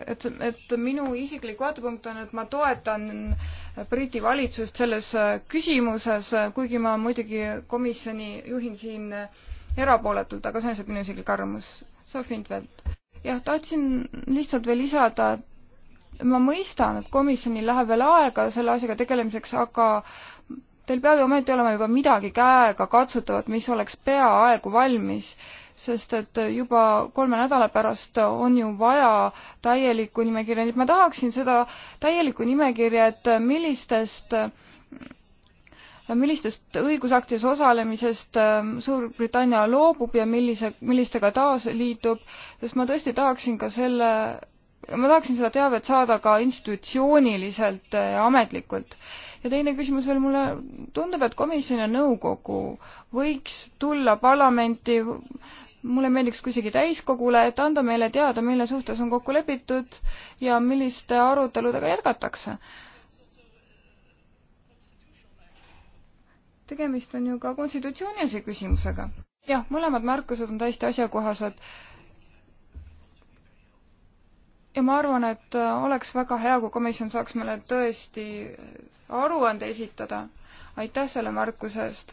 et, et minu isiklik vaatepunkt on, et ma toetan Briti valitsust selles küsimuses, kuigi ma muidugi komisjoni juhin siin erapooletult, aga see on lihtsalt minu isiklik arvamus. Sofi Intvelt. jah, tahtsin lihtsalt veel lisada, et ma mõistan, et komisjonil läheb veel aega selle asjaga tegelemiseks, aga Teil peab ju ometi olema juba midagi käegakatsutavat, mis oleks peaaegu valmis, sest et juba kolme nädala pärast on ju vaja täielikku nimekirja, nii et ma tahaksin seda täielikku nimekirja, et millistest millistest õigusaktides osalemisest ähm, Suurbritannia loobub ja millise, millistega taas liitub, sest ma tõesti tahaksin ka selle, ma tahaksin seda teavet saada ka institutsiooniliselt ja ametlikult ja teine küsimus veel, mulle tundub, et komisjon ja nõukogu võiks tulla parlamenti, mulle meeldiks küsigi täiskogule, et anda meile teada, mille suhtes on kokku lepitud ja milliste aruteludega jätkatakse. tegemist on ju ka konstitutsioonilise küsimusega. jah, mõlemad märkused on täiesti asjakohased ja ma arvan, et oleks väga hea, kui komisjon saaks meile tõesti aruande esitada. aitäh selle märkuse eest.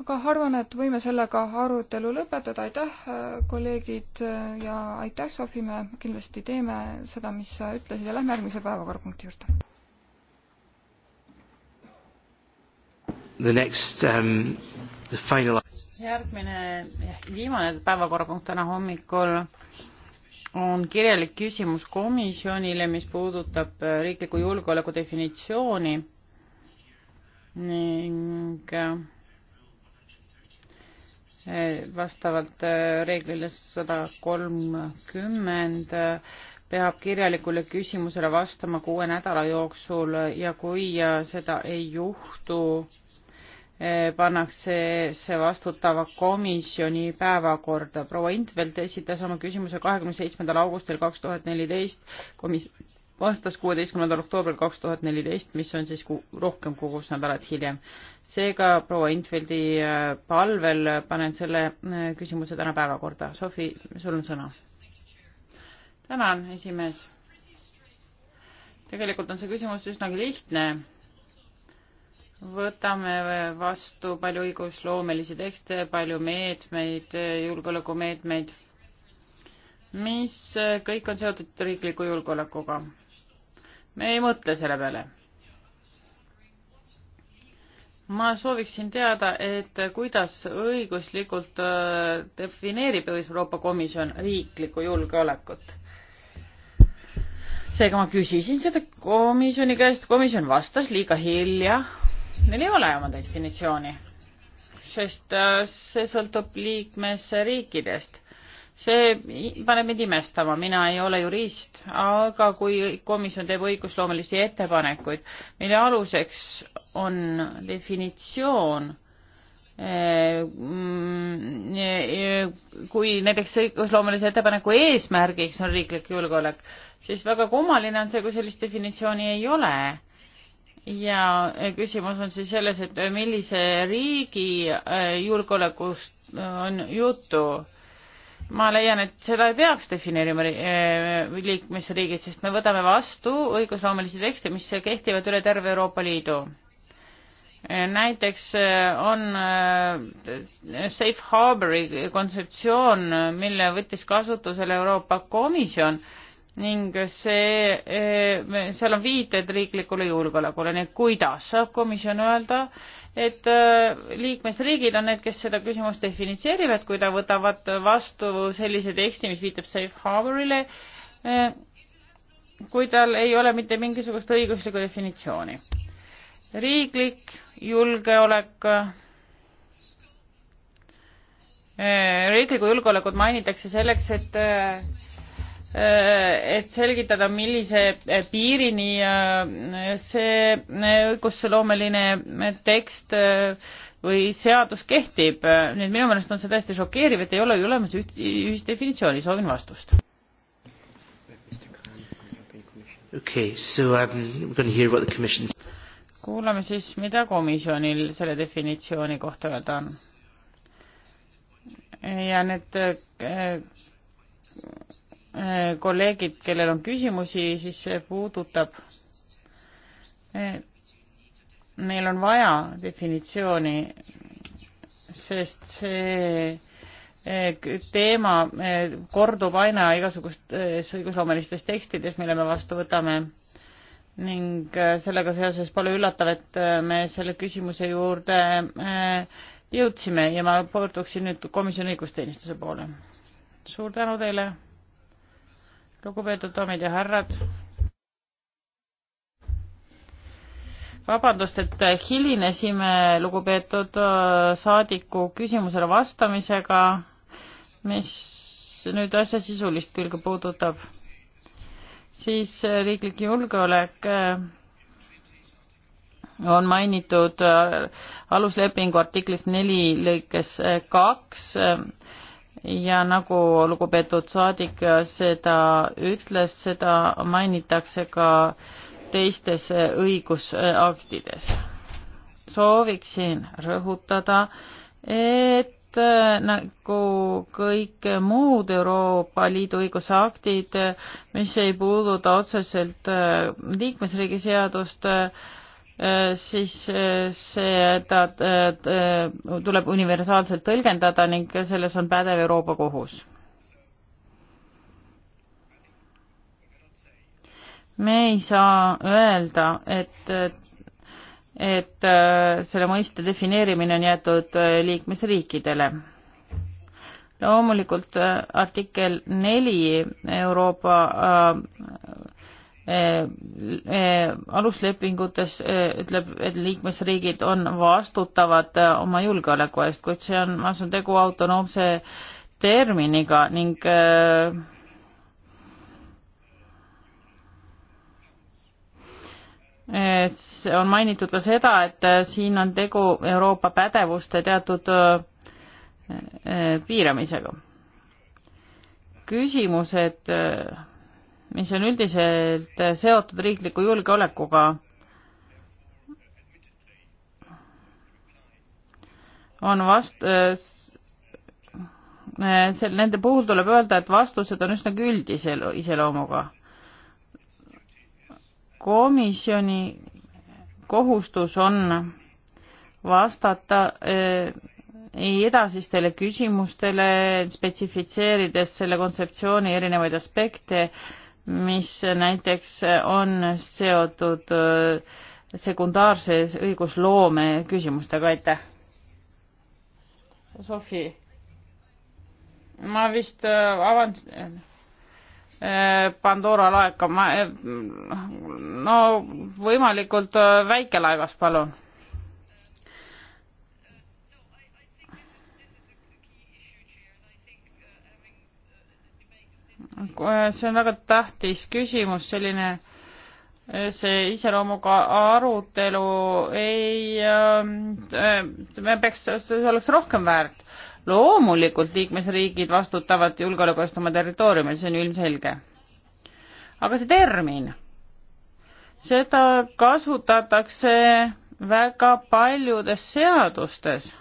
aga arvan, et võime sellega arutelu lõpetada. aitäh, äh, kolleegid äh, ja aitäh, Sofi, me kindlasti teeme seda, mis sa ütlesid ja lähme järgmise päevakorrapunkti juurde. The next um, the final järgmine ehk viimane päevakorrapunkt täna hommikul on kirjalik küsimus komisjonile, mis puudutab äh, riikliku julgeoleku definitsiooni ning äh, äh, vastavalt reeglile sada kolmkümmend peab kirjalikule küsimusele vastama kuue nädala jooksul ja kui seda ei juhtu, Eh, pannakse see vastutava komisjoni päevakorda. proua Intvelt esitas oma küsimuse kahekümne seitsmendal augustil kaks tuhat neliteist, komis-, vastas kuueteistkümnendal oktoobril kaks tuhat neliteist, mis on siis ku-, rohkem kui kuus nädalat hiljem. seega proua Intveldi eh, palvel panen selle eh, küsimuse täna päevakorda. Sofi, sul on sõna. tänan, esimees. tegelikult on see küsimus üsnagi lihtne võtame vastu palju õigusloomelisi tekste, palju meetmeid, julgeolekumeetmeid, mis kõik on seotud riikliku julgeolekuga. me ei mõtle selle peale. ma sooviksin teada, et kuidas õiguslikult äh, defineerib Euroopa Komisjon riiklikku julgeolekut seega ma küsisin seda komisjoni käest, komisjon vastas liiga hilja, Neil ei ole oma definitsiooni, sest äh, see sõltub liikmesriikidest. see paneb mind imestama, mina ei ole jurist, aga kui komisjon teeb õigusloomelisi ettepanekuid, mille aluseks on definitsioon, eh, mm, eh, kui näiteks õigusloomelise ettepaneku eesmärgiks on riiklik julgeolek, siis väga kummaline on see, kui sellist definitsiooni ei ole ja eh, küsimus on siis selles, et eh, millise riigi eh, julgeolekust on juttu. ma leian, et seda ei peaks defineerima liikmesriigid, sest me võtame vastu õigusloomelisi tekste, mis kehtivad üle terve Euroopa Liidu. näiteks on safe harbori kontseptsioon, mille võttis kasutusele Euroopa Komisjon ning see, eh, seal on viited riiklikule julgeolekule, nii et kuidas saab komisjon öelda, et eh, liikmesriigid on need, kes seda küsimust defineerivad, kui ta võtavad vastu sellise teksti, mis viitab safe harborile, eh, kui tal ei ole mitte mingisugust õiguslikku definitsiooni. riiklik julgeolek riiklikku julgeolekut mainitakse selleks, et Äh, et selgitada, millise äh, piirini äh, see õigusloomeline tekst või seadus kehtib, nii et minu meelest on see täiesti šokeeriv, et ei ole ju olemas üht, ühist definitsiooni, soovin vastust. Okay, so um, we're going to hear what the commission's kuulame siis, mida komisjonil selle definitsiooni kohta öelda on. ja need Äh, kolleegid, kellel on küsimusi, siis see puudutab, äh, meil on vaja definitsiooni, sest see äh, teema kordub aina igasugustes õigusloomelistes tekstides, mille me vastu võtame ning sellega seoses pole üllatav, et me selle küsimuse juurde jõudsime ja ma pöörduksin nüüd komisjoni õigusteenistuse poole. suur tänu teile lugupeetud daamid ja härrad. vabandust, et hilinesime lugupeetud äh, saadiku küsimusele vastamisega, mis nüüd asja sisulist külge puudutab. siis äh, riiklik julgeolek äh, on mainitud aluslepingu artiklis neli lõikes kaks ja nagu lugupeetud saadik seda ütles, seda mainitakse ka teistes õigusaktides. sooviksin rõhutada, et äh, nagu kõik muud Euroopa Liidu õigusaktid, mis ei puuduta otseselt äh, liikmesriigi seadust, äh, Äh, siis äh, seda äh, tuleb universaalselt tõlgendada ning selles on pädev Euroopa Kohus. me ei saa öelda, et, et selle mõiste defineerimine on jäetud liikmesriikidele. loomulikult artikkel neli Euroopa Äh, äh, aluslepingutes äh, ütleb, et liikmesriigid on vastutavad oma julgeoleku eest, kuid see on, ma usun, tegu autonoomse terminiga ning see on mainitud ka seda, et siin on tegu Euroopa pädevuste teatud piiramisega. küsimused mis on üldiselt seotud riikliku julgeolekuga, on vast-, sel-, nende puhul tuleb öelda, et vastused on üsnagi üldise iseloomuga. komisjoni kohustus on vastata eh, edasistele küsimustele, spetsifitseerides selle kontseptsiooni erinevaid aspekte mis näiteks on seotud äh, sekundaarse õigusloome küsimustega, aitäh. Sofi, ma vist äh, avan äh, Pandora laeka, ma, no võimalikult väikelaevas, palun see on väga tähtis küsimus, selline eh, see iseloomuga arutelu ei äh,, me peaks, see oleks rohkem väärt. loomulikult liikmesriigid vastutavad julgeoleku eest oma territooriumil, see on ju ilmselge. aga see termin, seda kasutatakse väga paljudes seadustes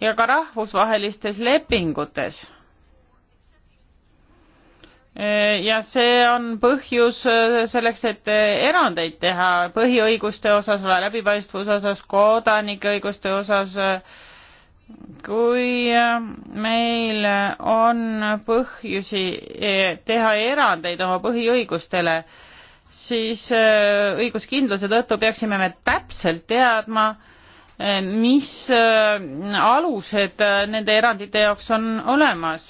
ja ka rahvusvahelistes lepingutes Äh, ja see on põhjus äh, selleks, et äh, erandeid teha põhiõiguste osas, läbipaistvuse osas, kodanike õiguste osas. kui meil on põhjusi teha erandeid oma põhiõigustele, siis õiguskindluse tõttu peaksime me täpselt teadma, mis alused nende erandite jaoks on olemas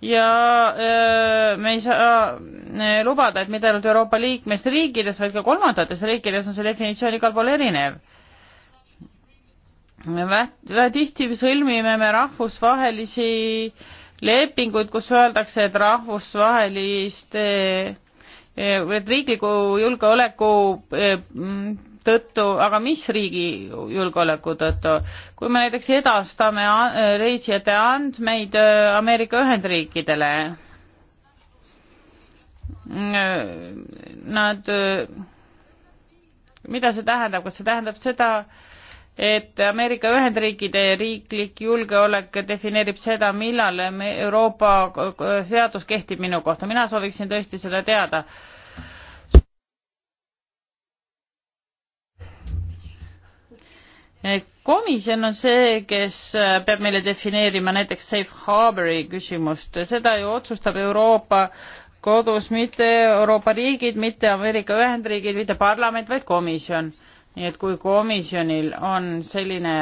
ja me ei saa lubada, et mitte ainult Euroopa liikmesriikides, vaid ka kolmandates riikides on see definitsioon igal pool erinev. väga tihti sõlmime me rahvusvahelisi lepinguid, kus öeldakse, et rahvusvaheliste et riikliku julgeoleku tõttu, aga mis riigi julgeoleku tõttu? kui me näiteks edastame reisijate andmeid äh, Ameerika Ühendriikidele, nad, äh, mida see tähendab, kas see tähendab seda, et Ameerika Ühendriikide riiklik julgeolek defineerib seda, millal Euroopa äh, seadus kehtib minu kohta, mina sooviksin tõesti seda teada komisjon on see, kes peab meile defineerima näiteks safe harbori küsimust, seda ju otsustab Euroopa kodus mitte Euroopa riigid, mitte Ameerika Ühendriigid, mitte parlament, vaid komisjon. nii et kui komisjonil on selline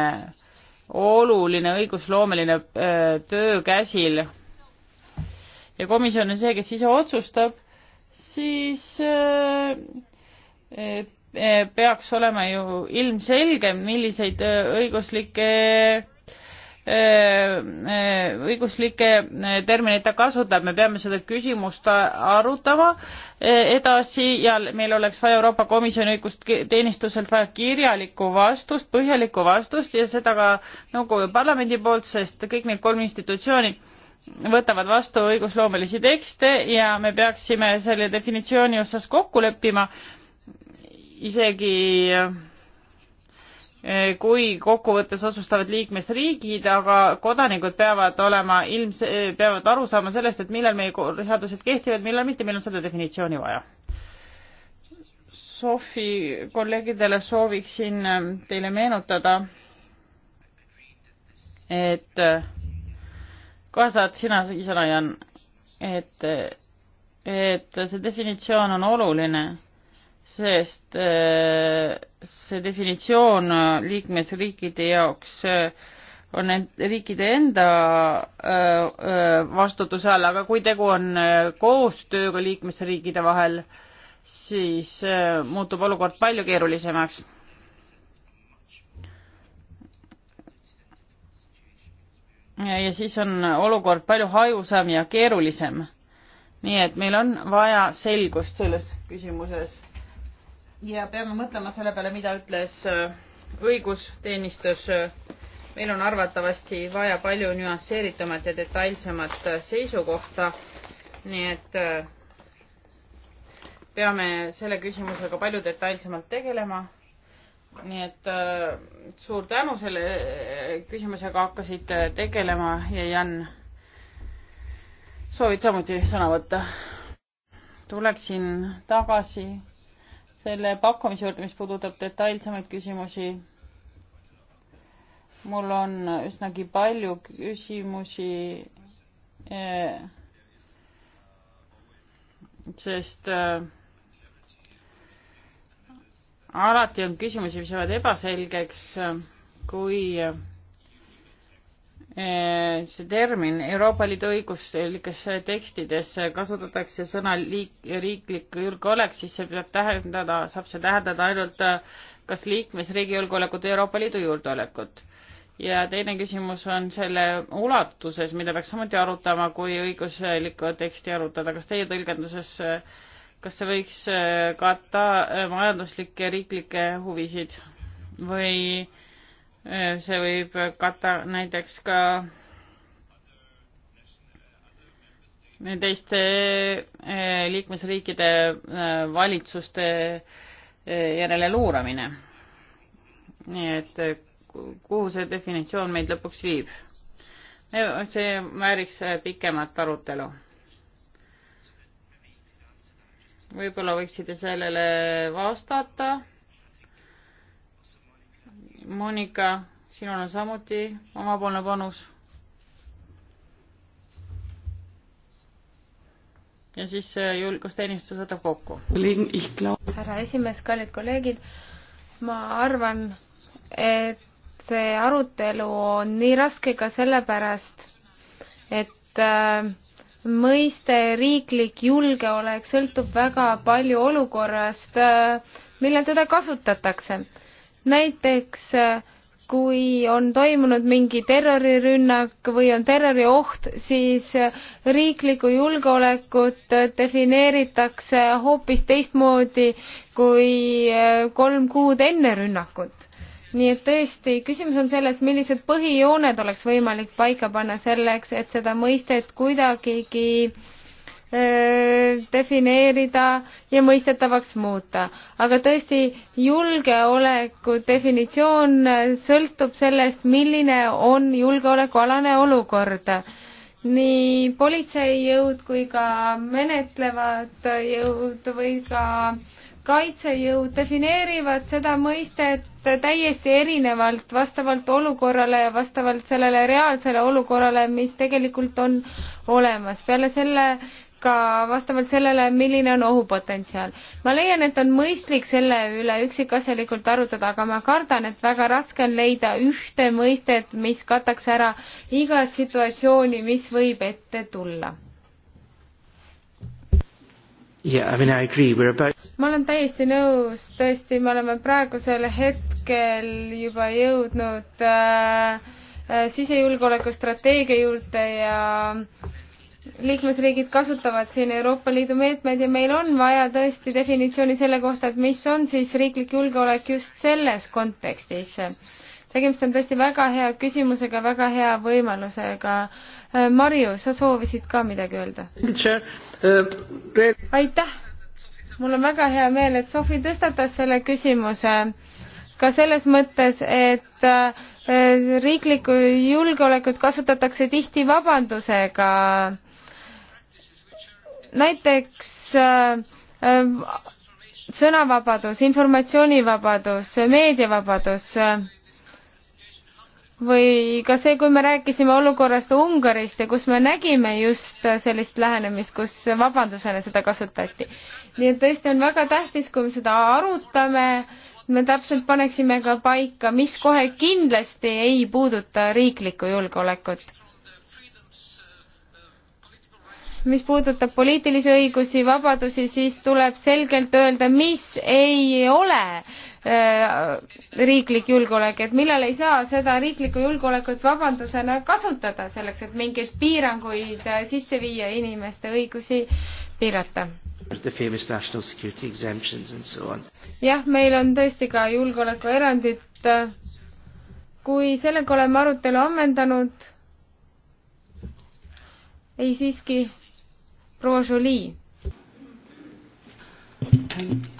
oluline õigusloomeline äh, töö käsil ja komisjon on see, kes ise otsustab, siis äh, Eh, peaks olema ju ilmselge, milliseid eh, õiguslikke eh, õiguslikke termineid ta kasutab, me peame seda küsimust arutama edasi ja meil oleks vaja Euroopa Komisjoni õigusteenistuselt vaja kirjalikku vastust, põhjalikku vastust ja seda ka nõukogu ja parlamendi poolt, sest kõik need kolm institutsiooni võtavad vastu õigusloomelisi tekste ja me peaksime selle definitsiooni osas kokku leppima isegi eh, kui kokkuvõttes otsustavad liikmesriigid, aga kodanikud peavad olema ilmse, eh, peavad aru saama sellest, et millal meie seadused kehtivad, millal mitte, meil on seda definitsiooni vaja. Sofi kolleegidele sooviksin eh, teile meenutada, et kohe saad sina, Ise-Raian, et, et see definitsioon on oluline sest äh, see definitsioon äh, liikmesriikide jaoks äh, on end, riikide enda vastutuse all, aga kui tegu on koostööga liikmesriikide vahel, siis muutub olukord palju keerulisemaks. ja siis on olukord palju hajusam ja keerulisem. nii et meil on vaja selgust selles küsimuses ja peame mõtlema selle peale, mida ütles äh, õigusteenistus. Äh, meil on arvatavasti vaja palju nüansseeritumat ja detailsemat äh, seisukohta. nii et peame selle küsimusega palju detailsemalt tegelema. nii et suur tänu selle küsimusega hakkasite tegelema ja Jan, soovid samuti sõna võtta? tuleksin tagasi selle pakkumise juurde, mis puudutab detailsemaid küsimusi. mul on üsnagi palju küsimusi, eh, sest eh, alati on küsimusi, mis jäävad ebaselgeks, eh, kui Eh, see termin Euroopa Liidu õiguslikes tekstides kasutatakse sõna liik-, riiklik julgeolek, siis see peab tähendada, saab see tähendada ainult kas liikmesriigi julgeolekut või Euroopa Liidu julgeolekut. ja teine küsimus on selle ulatuses, mida peaks samuti arutama, kui õiguslikku teksti arutada, kas teie tõlgenduses, kas see võiks eh, katta eh, majanduslikke riiklikke huvisid või äh, Eh, see võib katta näiteks ka teiste eh, liikmesriikide eh, valitsuste järele luuramine. nii et kuhu see definitsioon meid lõpuks viib? see vääriks pikemat arutelu. võib-olla võiksite sellele vastata Monika, sinul on samuti omapoolne panus. ja siis äh, julgusteenistus võtab kokku. härra esimees, kallid kolleegid, ma arvan, et see arutelu on nii raske ka sellepärast, et äh, mõiste riiklik julgeolek sõltub väga palju olukorrast, äh, millal teda kasutatakse näiteks kui on toimunud mingi terrorirünnak või on terrorioht, siis riiklikku julgeolekut defineeritakse hoopis teistmoodi kui kolm kuud enne rünnakut. nii et tõesti, küsimus on selles, millised põhijooned oleks võimalik paika panna selleks, et seda mõistet kuidagigi äh, Äh, defineerida ja mõistetavaks muuta. aga tõesti, julgeoleku definitsioon sõltub sellest, milline on julgeolekualane olukord. nii politseijõud kui ka menetlevad jõud või ka kaitsejõud defineerivad seda mõistet täiesti erinevalt vastavalt olukorrale ja vastavalt sellele reaalsele olukorrale, mis tegelikult on olemas. peale selle ka vastavalt sellele, milline on ohupotentsiaal. ma leian, et on mõistlik selle üle üksikasjalikult arutada, aga ma kardan, et väga raske on leida ühte mõistet, mis kataks ära igat situatsiooni, mis võib ette tulla. Yeah, I mean, I agree. We're about... ma olen täiesti nõus, tõesti, me oleme praegusel hetkel juba jõudnud äh, äh sisejulgeoleku strateegia juurde ja äh, liikmesriigid kasutavad siin Euroopa Liidu meetmeid ja meil on vaja tõesti definitsiooni selle kohta, et mis on siis riiklik julgeolek just selles kontekstis. tegemist on tõesti väga hea küsimusega, väga hea võimalusega. Äh, Marju, sa soovisid ka midagi öelda? Äh, aitäh! mul on väga hea meel, et Sofi tõstatas selle küsimuse ka selles mõttes, et äh, riiklikku julgeolekut kasutatakse tihti vabandusega näiteks äh, äh, sõnavabadus, informatsioonivabadus, meediavabadus äh, või ka see, kui me rääkisime olukorrast Ungarist ja kus me nägime just sellist lähenemist, kus vabandusena seda kasutati. nii et tõesti on väga tähtis, kui me seda arutame, me täpselt paneksime ka paika, mis kohe kindlasti ei puuduta riiklikku julgeolekut mis puudutab poliitilisi õigusi, vabadusi, siis tuleb selgelt öelda, mis ei ole äh, riiklik julgeolek, et millal ei saa seda riiklikku julgeolekut vabandusena kasutada selleks, et mingeid piiranguid äh, sisse viia, inimeste õigusi piirata. jah, meil on tõesti ka julgeolekuerandid. Äh, kui sellega oleme arutelu ammendanud, ei siiski proua Jolie.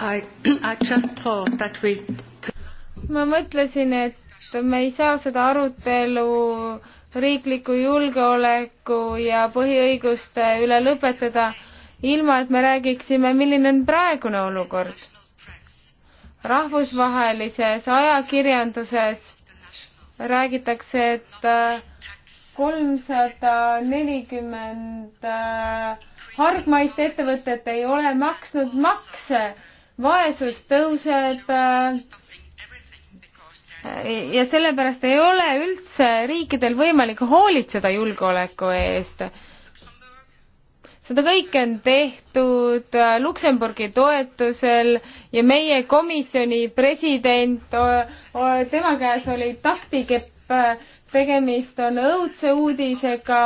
I, I just thought that we ma mõtlesin, et me ei saa seda arutelu riikliku julgeoleku ja põhiõiguste üle lõpetada, ilma et me räägiksime, milline on praegune olukord. rahvusvahelises ajakirjanduses räägitakse, et äh, kolmsada nelikümmend 340 äh, hargmaist ettevõtet ei ole maksnud makse, vaesus tõuseb äh, ja sellepärast ei ole üldse riikidel võimalik hoolitseda julgeoleku eest. seda kõike on tehtud äh, Luksemburgi toetusel ja meie komisjoni president, äh, tema käes oli taktikepp tegemist on õudse uudisega,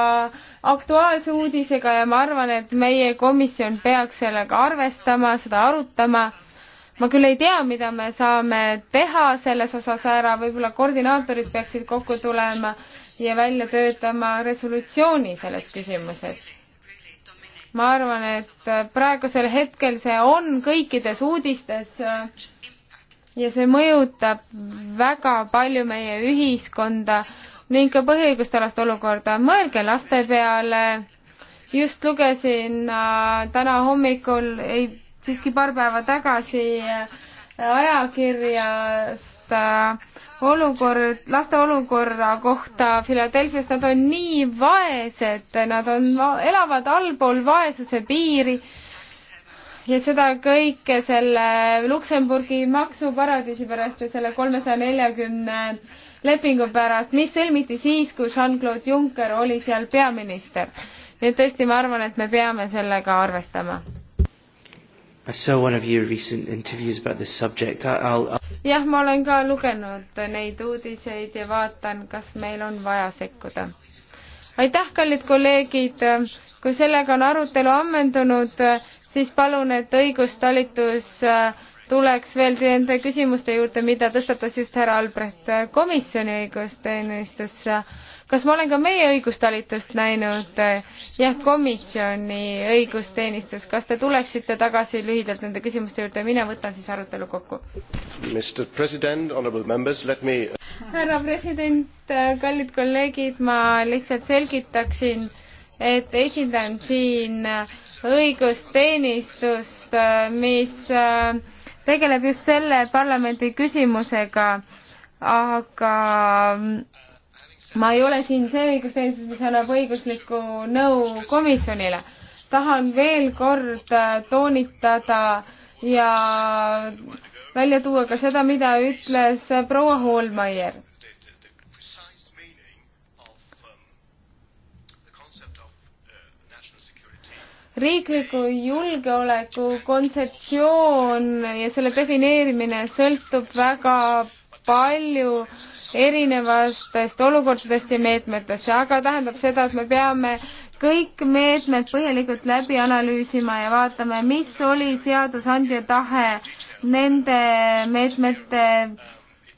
aktuaalse uudisega ja ma arvan, et meie komisjon peaks sellega arvestama, seda arutama. ma küll ei tea, mida me saame teha selles osas ära, võib-olla koordinaatorid peaksid kokku tulema ja välja töötama resolutsiooni selles küsimuses ma arvan, et praegusel hetkel see on kõikides uudistes äh, ja see mõjutab väga palju meie ühiskonda ning ka põhiõigustalast olukorda. mõelge laste peale, just lugesin äh, täna hommikul, ei, siiski paar päeva tagasi äh, ajakirjast äh, olukord, laste olukorra kohta Philadelphia's, nad on nii vaesed, nad on, elavad allpool vaesuse piiri ja seda kõike selle Luksemburgi maksuparadiisi pärast ja selle kolmesaja neljakümne lepingu pärast, mis sõlmiti siis, kui Jean-Claude Juncker oli seal peaminister. nii et tõesti, ma arvan, et me peame sellega arvestama. jah, ma olen ka lugenud neid uudiseid ja vaatan, kas meil on vaja sekkuda aitäh, kallid kolleegid, kui sellega on arutelu ammendunud, siis palun, et õigustalitus äh, tuleks veel nende küsimuste juurde, mida tõstatas just härra Albrecht komisjoni õigusteenistus kas ma olen ka meie õigustalitust näinud, jah, komisjoni õigusteenistus, kas te tuleksite tagasi lühidalt nende küsimuste juurde, mina võtan siis arutelu kokku. härra president, kallid kolleegid, ma lihtsalt selgitaksin, et esindan siin õigusteenistust, mis äh, tegeleb just selle parlamendi küsimusega, aga ma ei ole siin see õigusteenistus, mis annab õiguslikku nõu komisjonile. tahan veel kord äh, toonitada ja välja tuua ka seda, mida ütles äh, proua Hoolmeier riikliku julgeoleku kontseptsioon ja selle defineerimine sõltub väga palju erinevatest olukordadest ja meetmetest, see aga tähendab seda, et me peame kõik meetmed põhjalikult läbi analüüsima ja vaatame, mis oli seadusandja tahe nende meetmete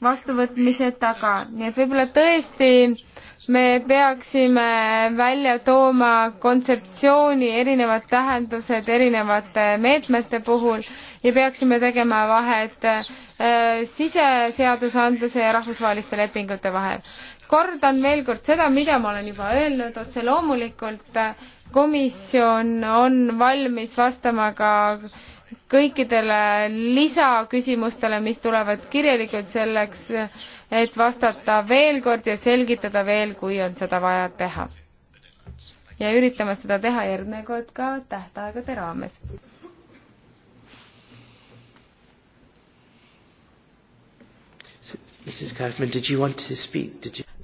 vastuvõtmise taga, nii et võib-olla tõesti me peaksime välja tooma kontseptsiooni erinevad tähendused erinevate meetmete puhul ja peaksime tegema vahet Äh, siseseadusandluse ja rahvusvaheliste lepingute vahel. kordan veel kord seda, mida ma olen juba öelnud, otse loomulikult äh, komisjon on valmis vastama ka kõikidele lisaküsimustele, mis tulevad kirjalikult selleks, et vastata veel kord ja selgitada veel, kui on seda vaja teha. ja üritame seda teha järgmine kord ka tähtaegade raames.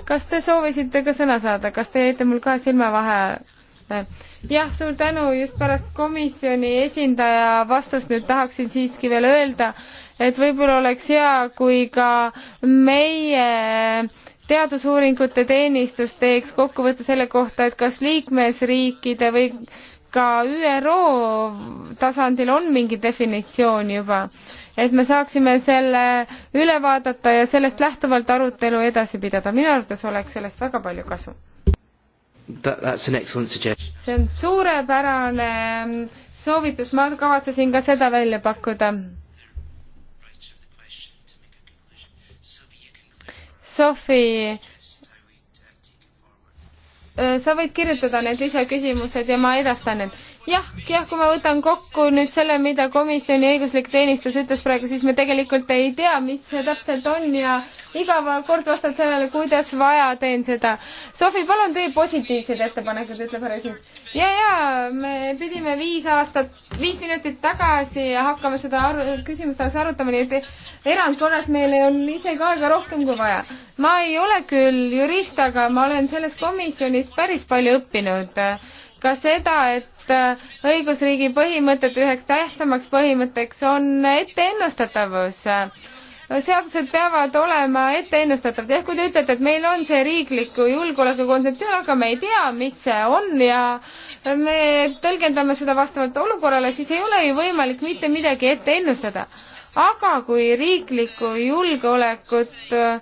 kas te soovisite ka sõna saada, kas te jäite mul ka silmavahe? jah, suur tänu, just pärast komisjoni esindaja vastust nüüd tahaksin siiski veel öelda, et võib-olla oleks hea, kui ka meie teadusuuringute teenistus teeks kokkuvõtte selle kohta, et kas liikmesriikide või ka ÜRO tasandil on mingi definitsioon juba et me saaksime selle üle vaadata ja sellest lähtuvalt arutelu edasi pidada. minu arvates oleks sellest väga palju kasu. see on suurepärane soovitus, ma kavatsesin ka seda välja pakkuda. Sofi, sa võid kirjutada need lisaküsimused ja ma edastan need jah, jah, kui ma võtan kokku nüüd selle, mida komisjoni õiguslik teenistus ütles praegu, siis me tegelikult ei tea, mis see täpselt on ja iga kord vastan sellele, kuidas vaja, teen seda. Sofi, palun tee positiivseid ettepanekuid, ütleb härra esimees. ja, ja me pidime viis aastat, viis minutit tagasi hakkama seda aru, küsimust alles arutama, nii et erandkorras meil on isegi aega rohkem kui vaja. ma ei ole küll jurist, aga ma olen selles komisjonis päris palju õppinud ka seda, et äh, õigusriigi põhimõtete üheks tähtsamaks põhimõtteks on etteennustatavus. seadused peavad olema etteennustatavad, jah, kui te ütlete, et meil on see riikliku julgeoleku kontseptsioon, aga me ei tea, mis see on ja me tõlgendame seda vastavalt olukorrale, siis ei ole ju võimalik mitte midagi ette ennustada. aga kui riiklikku julgeolekut äh,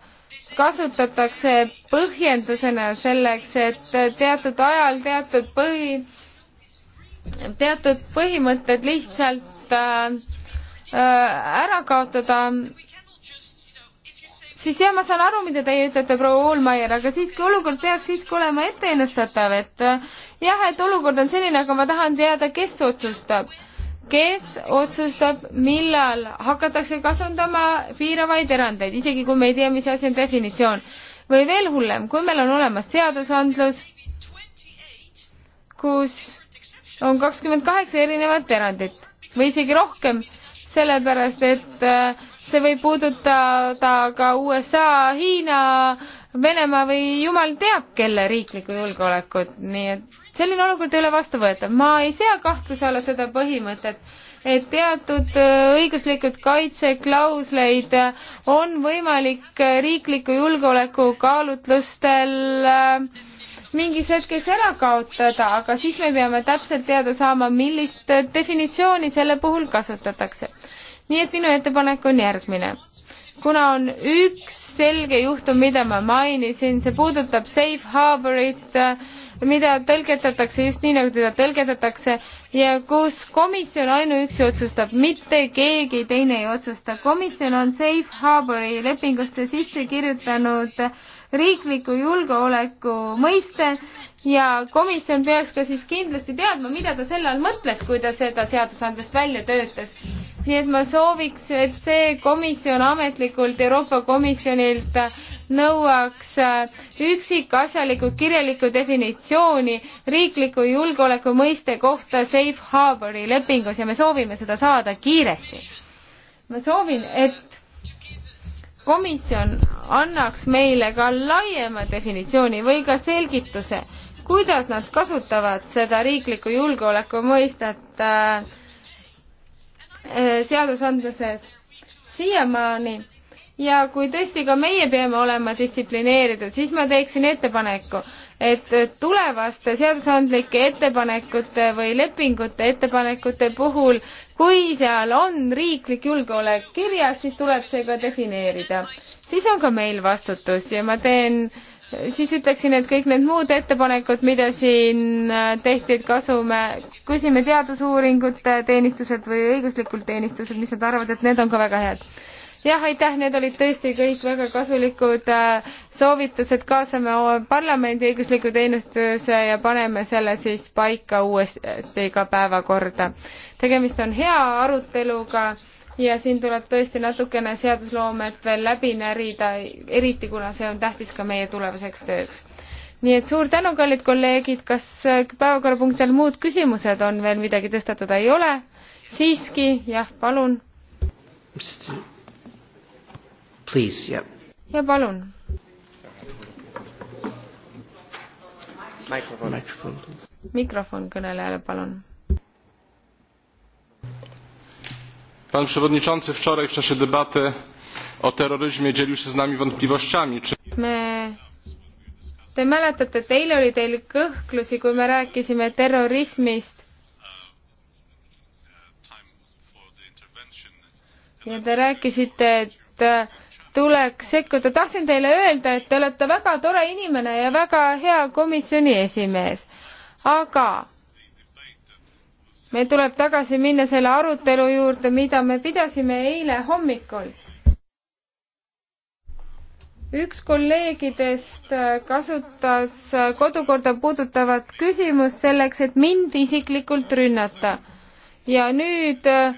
kasutatakse põhjendusena selleks, et teatud ajal teatud põhi, teatud põhimõtted lihtsalt äh, äh ära kaotada, siis jah, ma saan aru, mida teie ütlete, proua Olmaier, aga siiski olukord peaks siiski olema etteennustatav, et äh, jah, et olukord on selline, aga ma tahan teada, kes otsustab kes otsustab, millal hakatakse kasutama piiravaid erandeid, isegi kui me ei tea, mis asi on definitsioon. või veel hullem, kui meil on olemas seadusandlus, kus on kakskümmend kaheksa erinevat erandit või isegi rohkem, sellepärast et äh, see võib puudutada ka USA, Hiina, Venemaa või jumal teab kelle riiklikku julgeolekut, nii et selline olukord ei ole vastuvõetav. ma ei sea kahtluse alla seda põhimõtet, et teatud äh, õiguslikud kaitseklausleid äh, on võimalik äh, riikliku julgeoleku kaalutlustel mingis hetkes ära kaotada, aga siis me peame täpselt teada saama, millist definitsiooni selle puhul kasutatakse. nii et minu ettepanek on järgmine kuna on üks selge juhtum, mida ma mainisin, see puudutab safe harborit mida tõlgetatakse just nii, nagu teda tõlgetatakse ja kus komisjon ainuüksi otsustab, mitte keegi teine ei otsusta. komisjon on Safe Harbori lepingusse sisse kirjutanud äh, riikliku julgeoleku mõiste ja komisjon peaks ka siis kindlasti teadma, mida ta selle all mõtles, kui ta seda seadusandlust välja töötas. nii et ma sooviks, et see komisjon ametlikult Euroopa Komisjonilt nõuaks äh, üksikasjalikku kirjalikku definitsiooni riikliku julgeoleku mõiste kohta Safe Harbori lepingus ja me soovime seda saada kiiresti. ma soovin, et komisjon annaks meile ka laiema definitsiooni või ka selgituse, kuidas nad kasutavad seda riikliku julgeoleku mõistet äh, äh seadusandluses siiamaani ja kui tõesti ka meie peame olema distsiplineeritud, siis ma teeksin ettepaneku, et tulevaste seadusandlike ettepanekute või lepingute ettepanekute puhul, kui seal on riiklik julgeolek kirjas, siis tuleb see ka defineerida. siis on ka meil vastutus ja ma teen siis ütleksin, et kõik need muud ettepanekud, mida siin äh, tehti, et kasume, küsime teadusuuringute teenistuselt või õiguslikult teenistuselt, mis nad arvavad, et need on ka väga head jah, aitäh, need olid tõesti kõik väga kasulikud äh, soovitused, kaasame parlamendi õigusliku teenistuse ja paneme selle siis paika uuesti ka päevakorda. tegemist on hea aruteluga ja siin tuleb tõesti natukene seadusloomet veel läbi närida, eriti kuna see on tähtis ka meie tulevaseks tööks. nii et suur tänu, kallid kolleegid, kas äh, päevakorrapunktil muud küsimused on veel midagi tõstatada, ei ole? siiski, jah, palun. Please, yeah. ja palun. mikrofon, mikrofon. mikrofon kõnelejale, palun. Pan przewodniczący wczoraj w czasie debaty o terroryzmie dzielił się z nami wątpliwościami. Czy... Me... Te mäletate, et eile oli teil kõhklusi, kui me rääkisime terrorismist ja te rääkisite, et tuleks sekkuda. tahtsin teile öelda, et te olete väga tore inimene ja väga hea komisjoni esimees, aga meil tuleb tagasi minna selle arutelu juurde, mida me pidasime eile hommikul. üks kolleegidest äh, kasutas äh, kodukorda puudutavat küsimust selleks, et mind isiklikult rünnata. ja nüüd äh,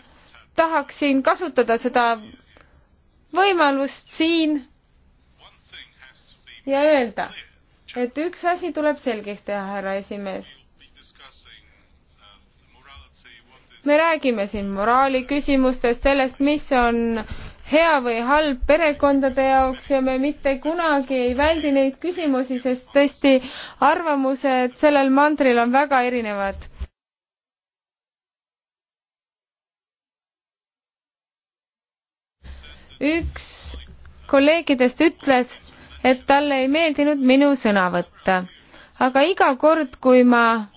tahaksin kasutada seda võimalust siin ja öelda, et üks asi tuleb selgeks teha, härra esimees. me räägime siin moraali küsimustest, sellest, mis on hea või halb perekondade jaoks ja me mitte kunagi ei väldi neid küsimusi, sest tõesti arvamused sellel mandril on väga erinevad. üks kolleegidest ütles, et talle ei meeldinud minu sõnavõtt. aga iga kord, kui ma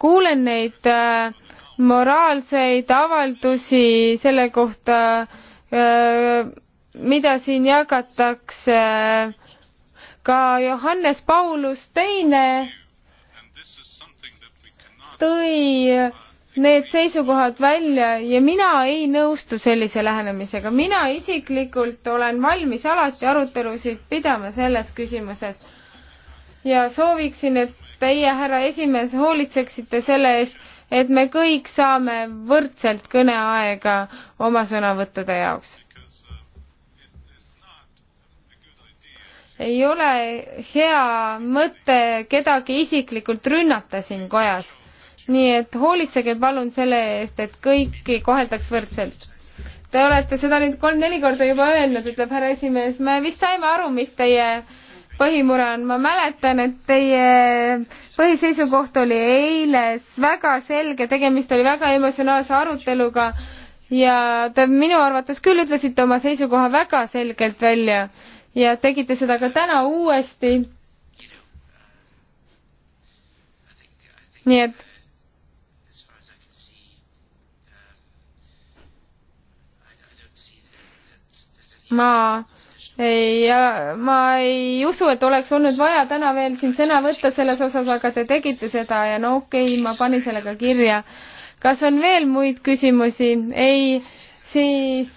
kuulen neid äh, moraalseid avaldusi selle kohta äh,, mida siin jagatakse äh,, ka Johannes Paulus teine tõi need seisukohad välja ja mina ei nõustu sellise lähenemisega. mina isiklikult olen valmis alati arutelusid pidama selles küsimuses ja sooviksin, et teie, härra esimees, hoolitseksite selle eest, et me kõik saame võrdselt kõneaega oma sõnavõttude jaoks. ei ole hea mõte kedagi isiklikult rünnata siin kojas nii et hoolitsege palun selle eest, et kõiki koheldaks võrdselt. Te olete seda nüüd kolm-neli korda juba öelnud, ütleb härra esimees, me vist saime aru, mis teie põhimure on, ma mäletan, et teie põhiseisukoht oli eiles väga selge, tegemist oli väga emotsionaalse aruteluga ja te minu arvates küll ütlesite oma seisukoha väga selgelt välja ja tegite seda ka täna uuesti. nii et ma ei, ma ei usu, et oleks olnud vaja täna veel siin sõna võtta selles osas, aga te tegite seda ja no okei okay,, ma panin selle ka kirja. kas on veel muid küsimusi? ei, siis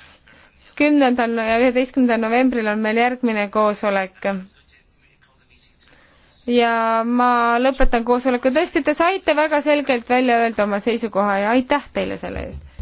kümnendal ja üheteistkümnendal novembril on meil järgmine koosolek. ja ma lõpetan koosoleku, tõesti, te saite väga selgelt välja öelda oma seisukoha ja aitäh teile selle eest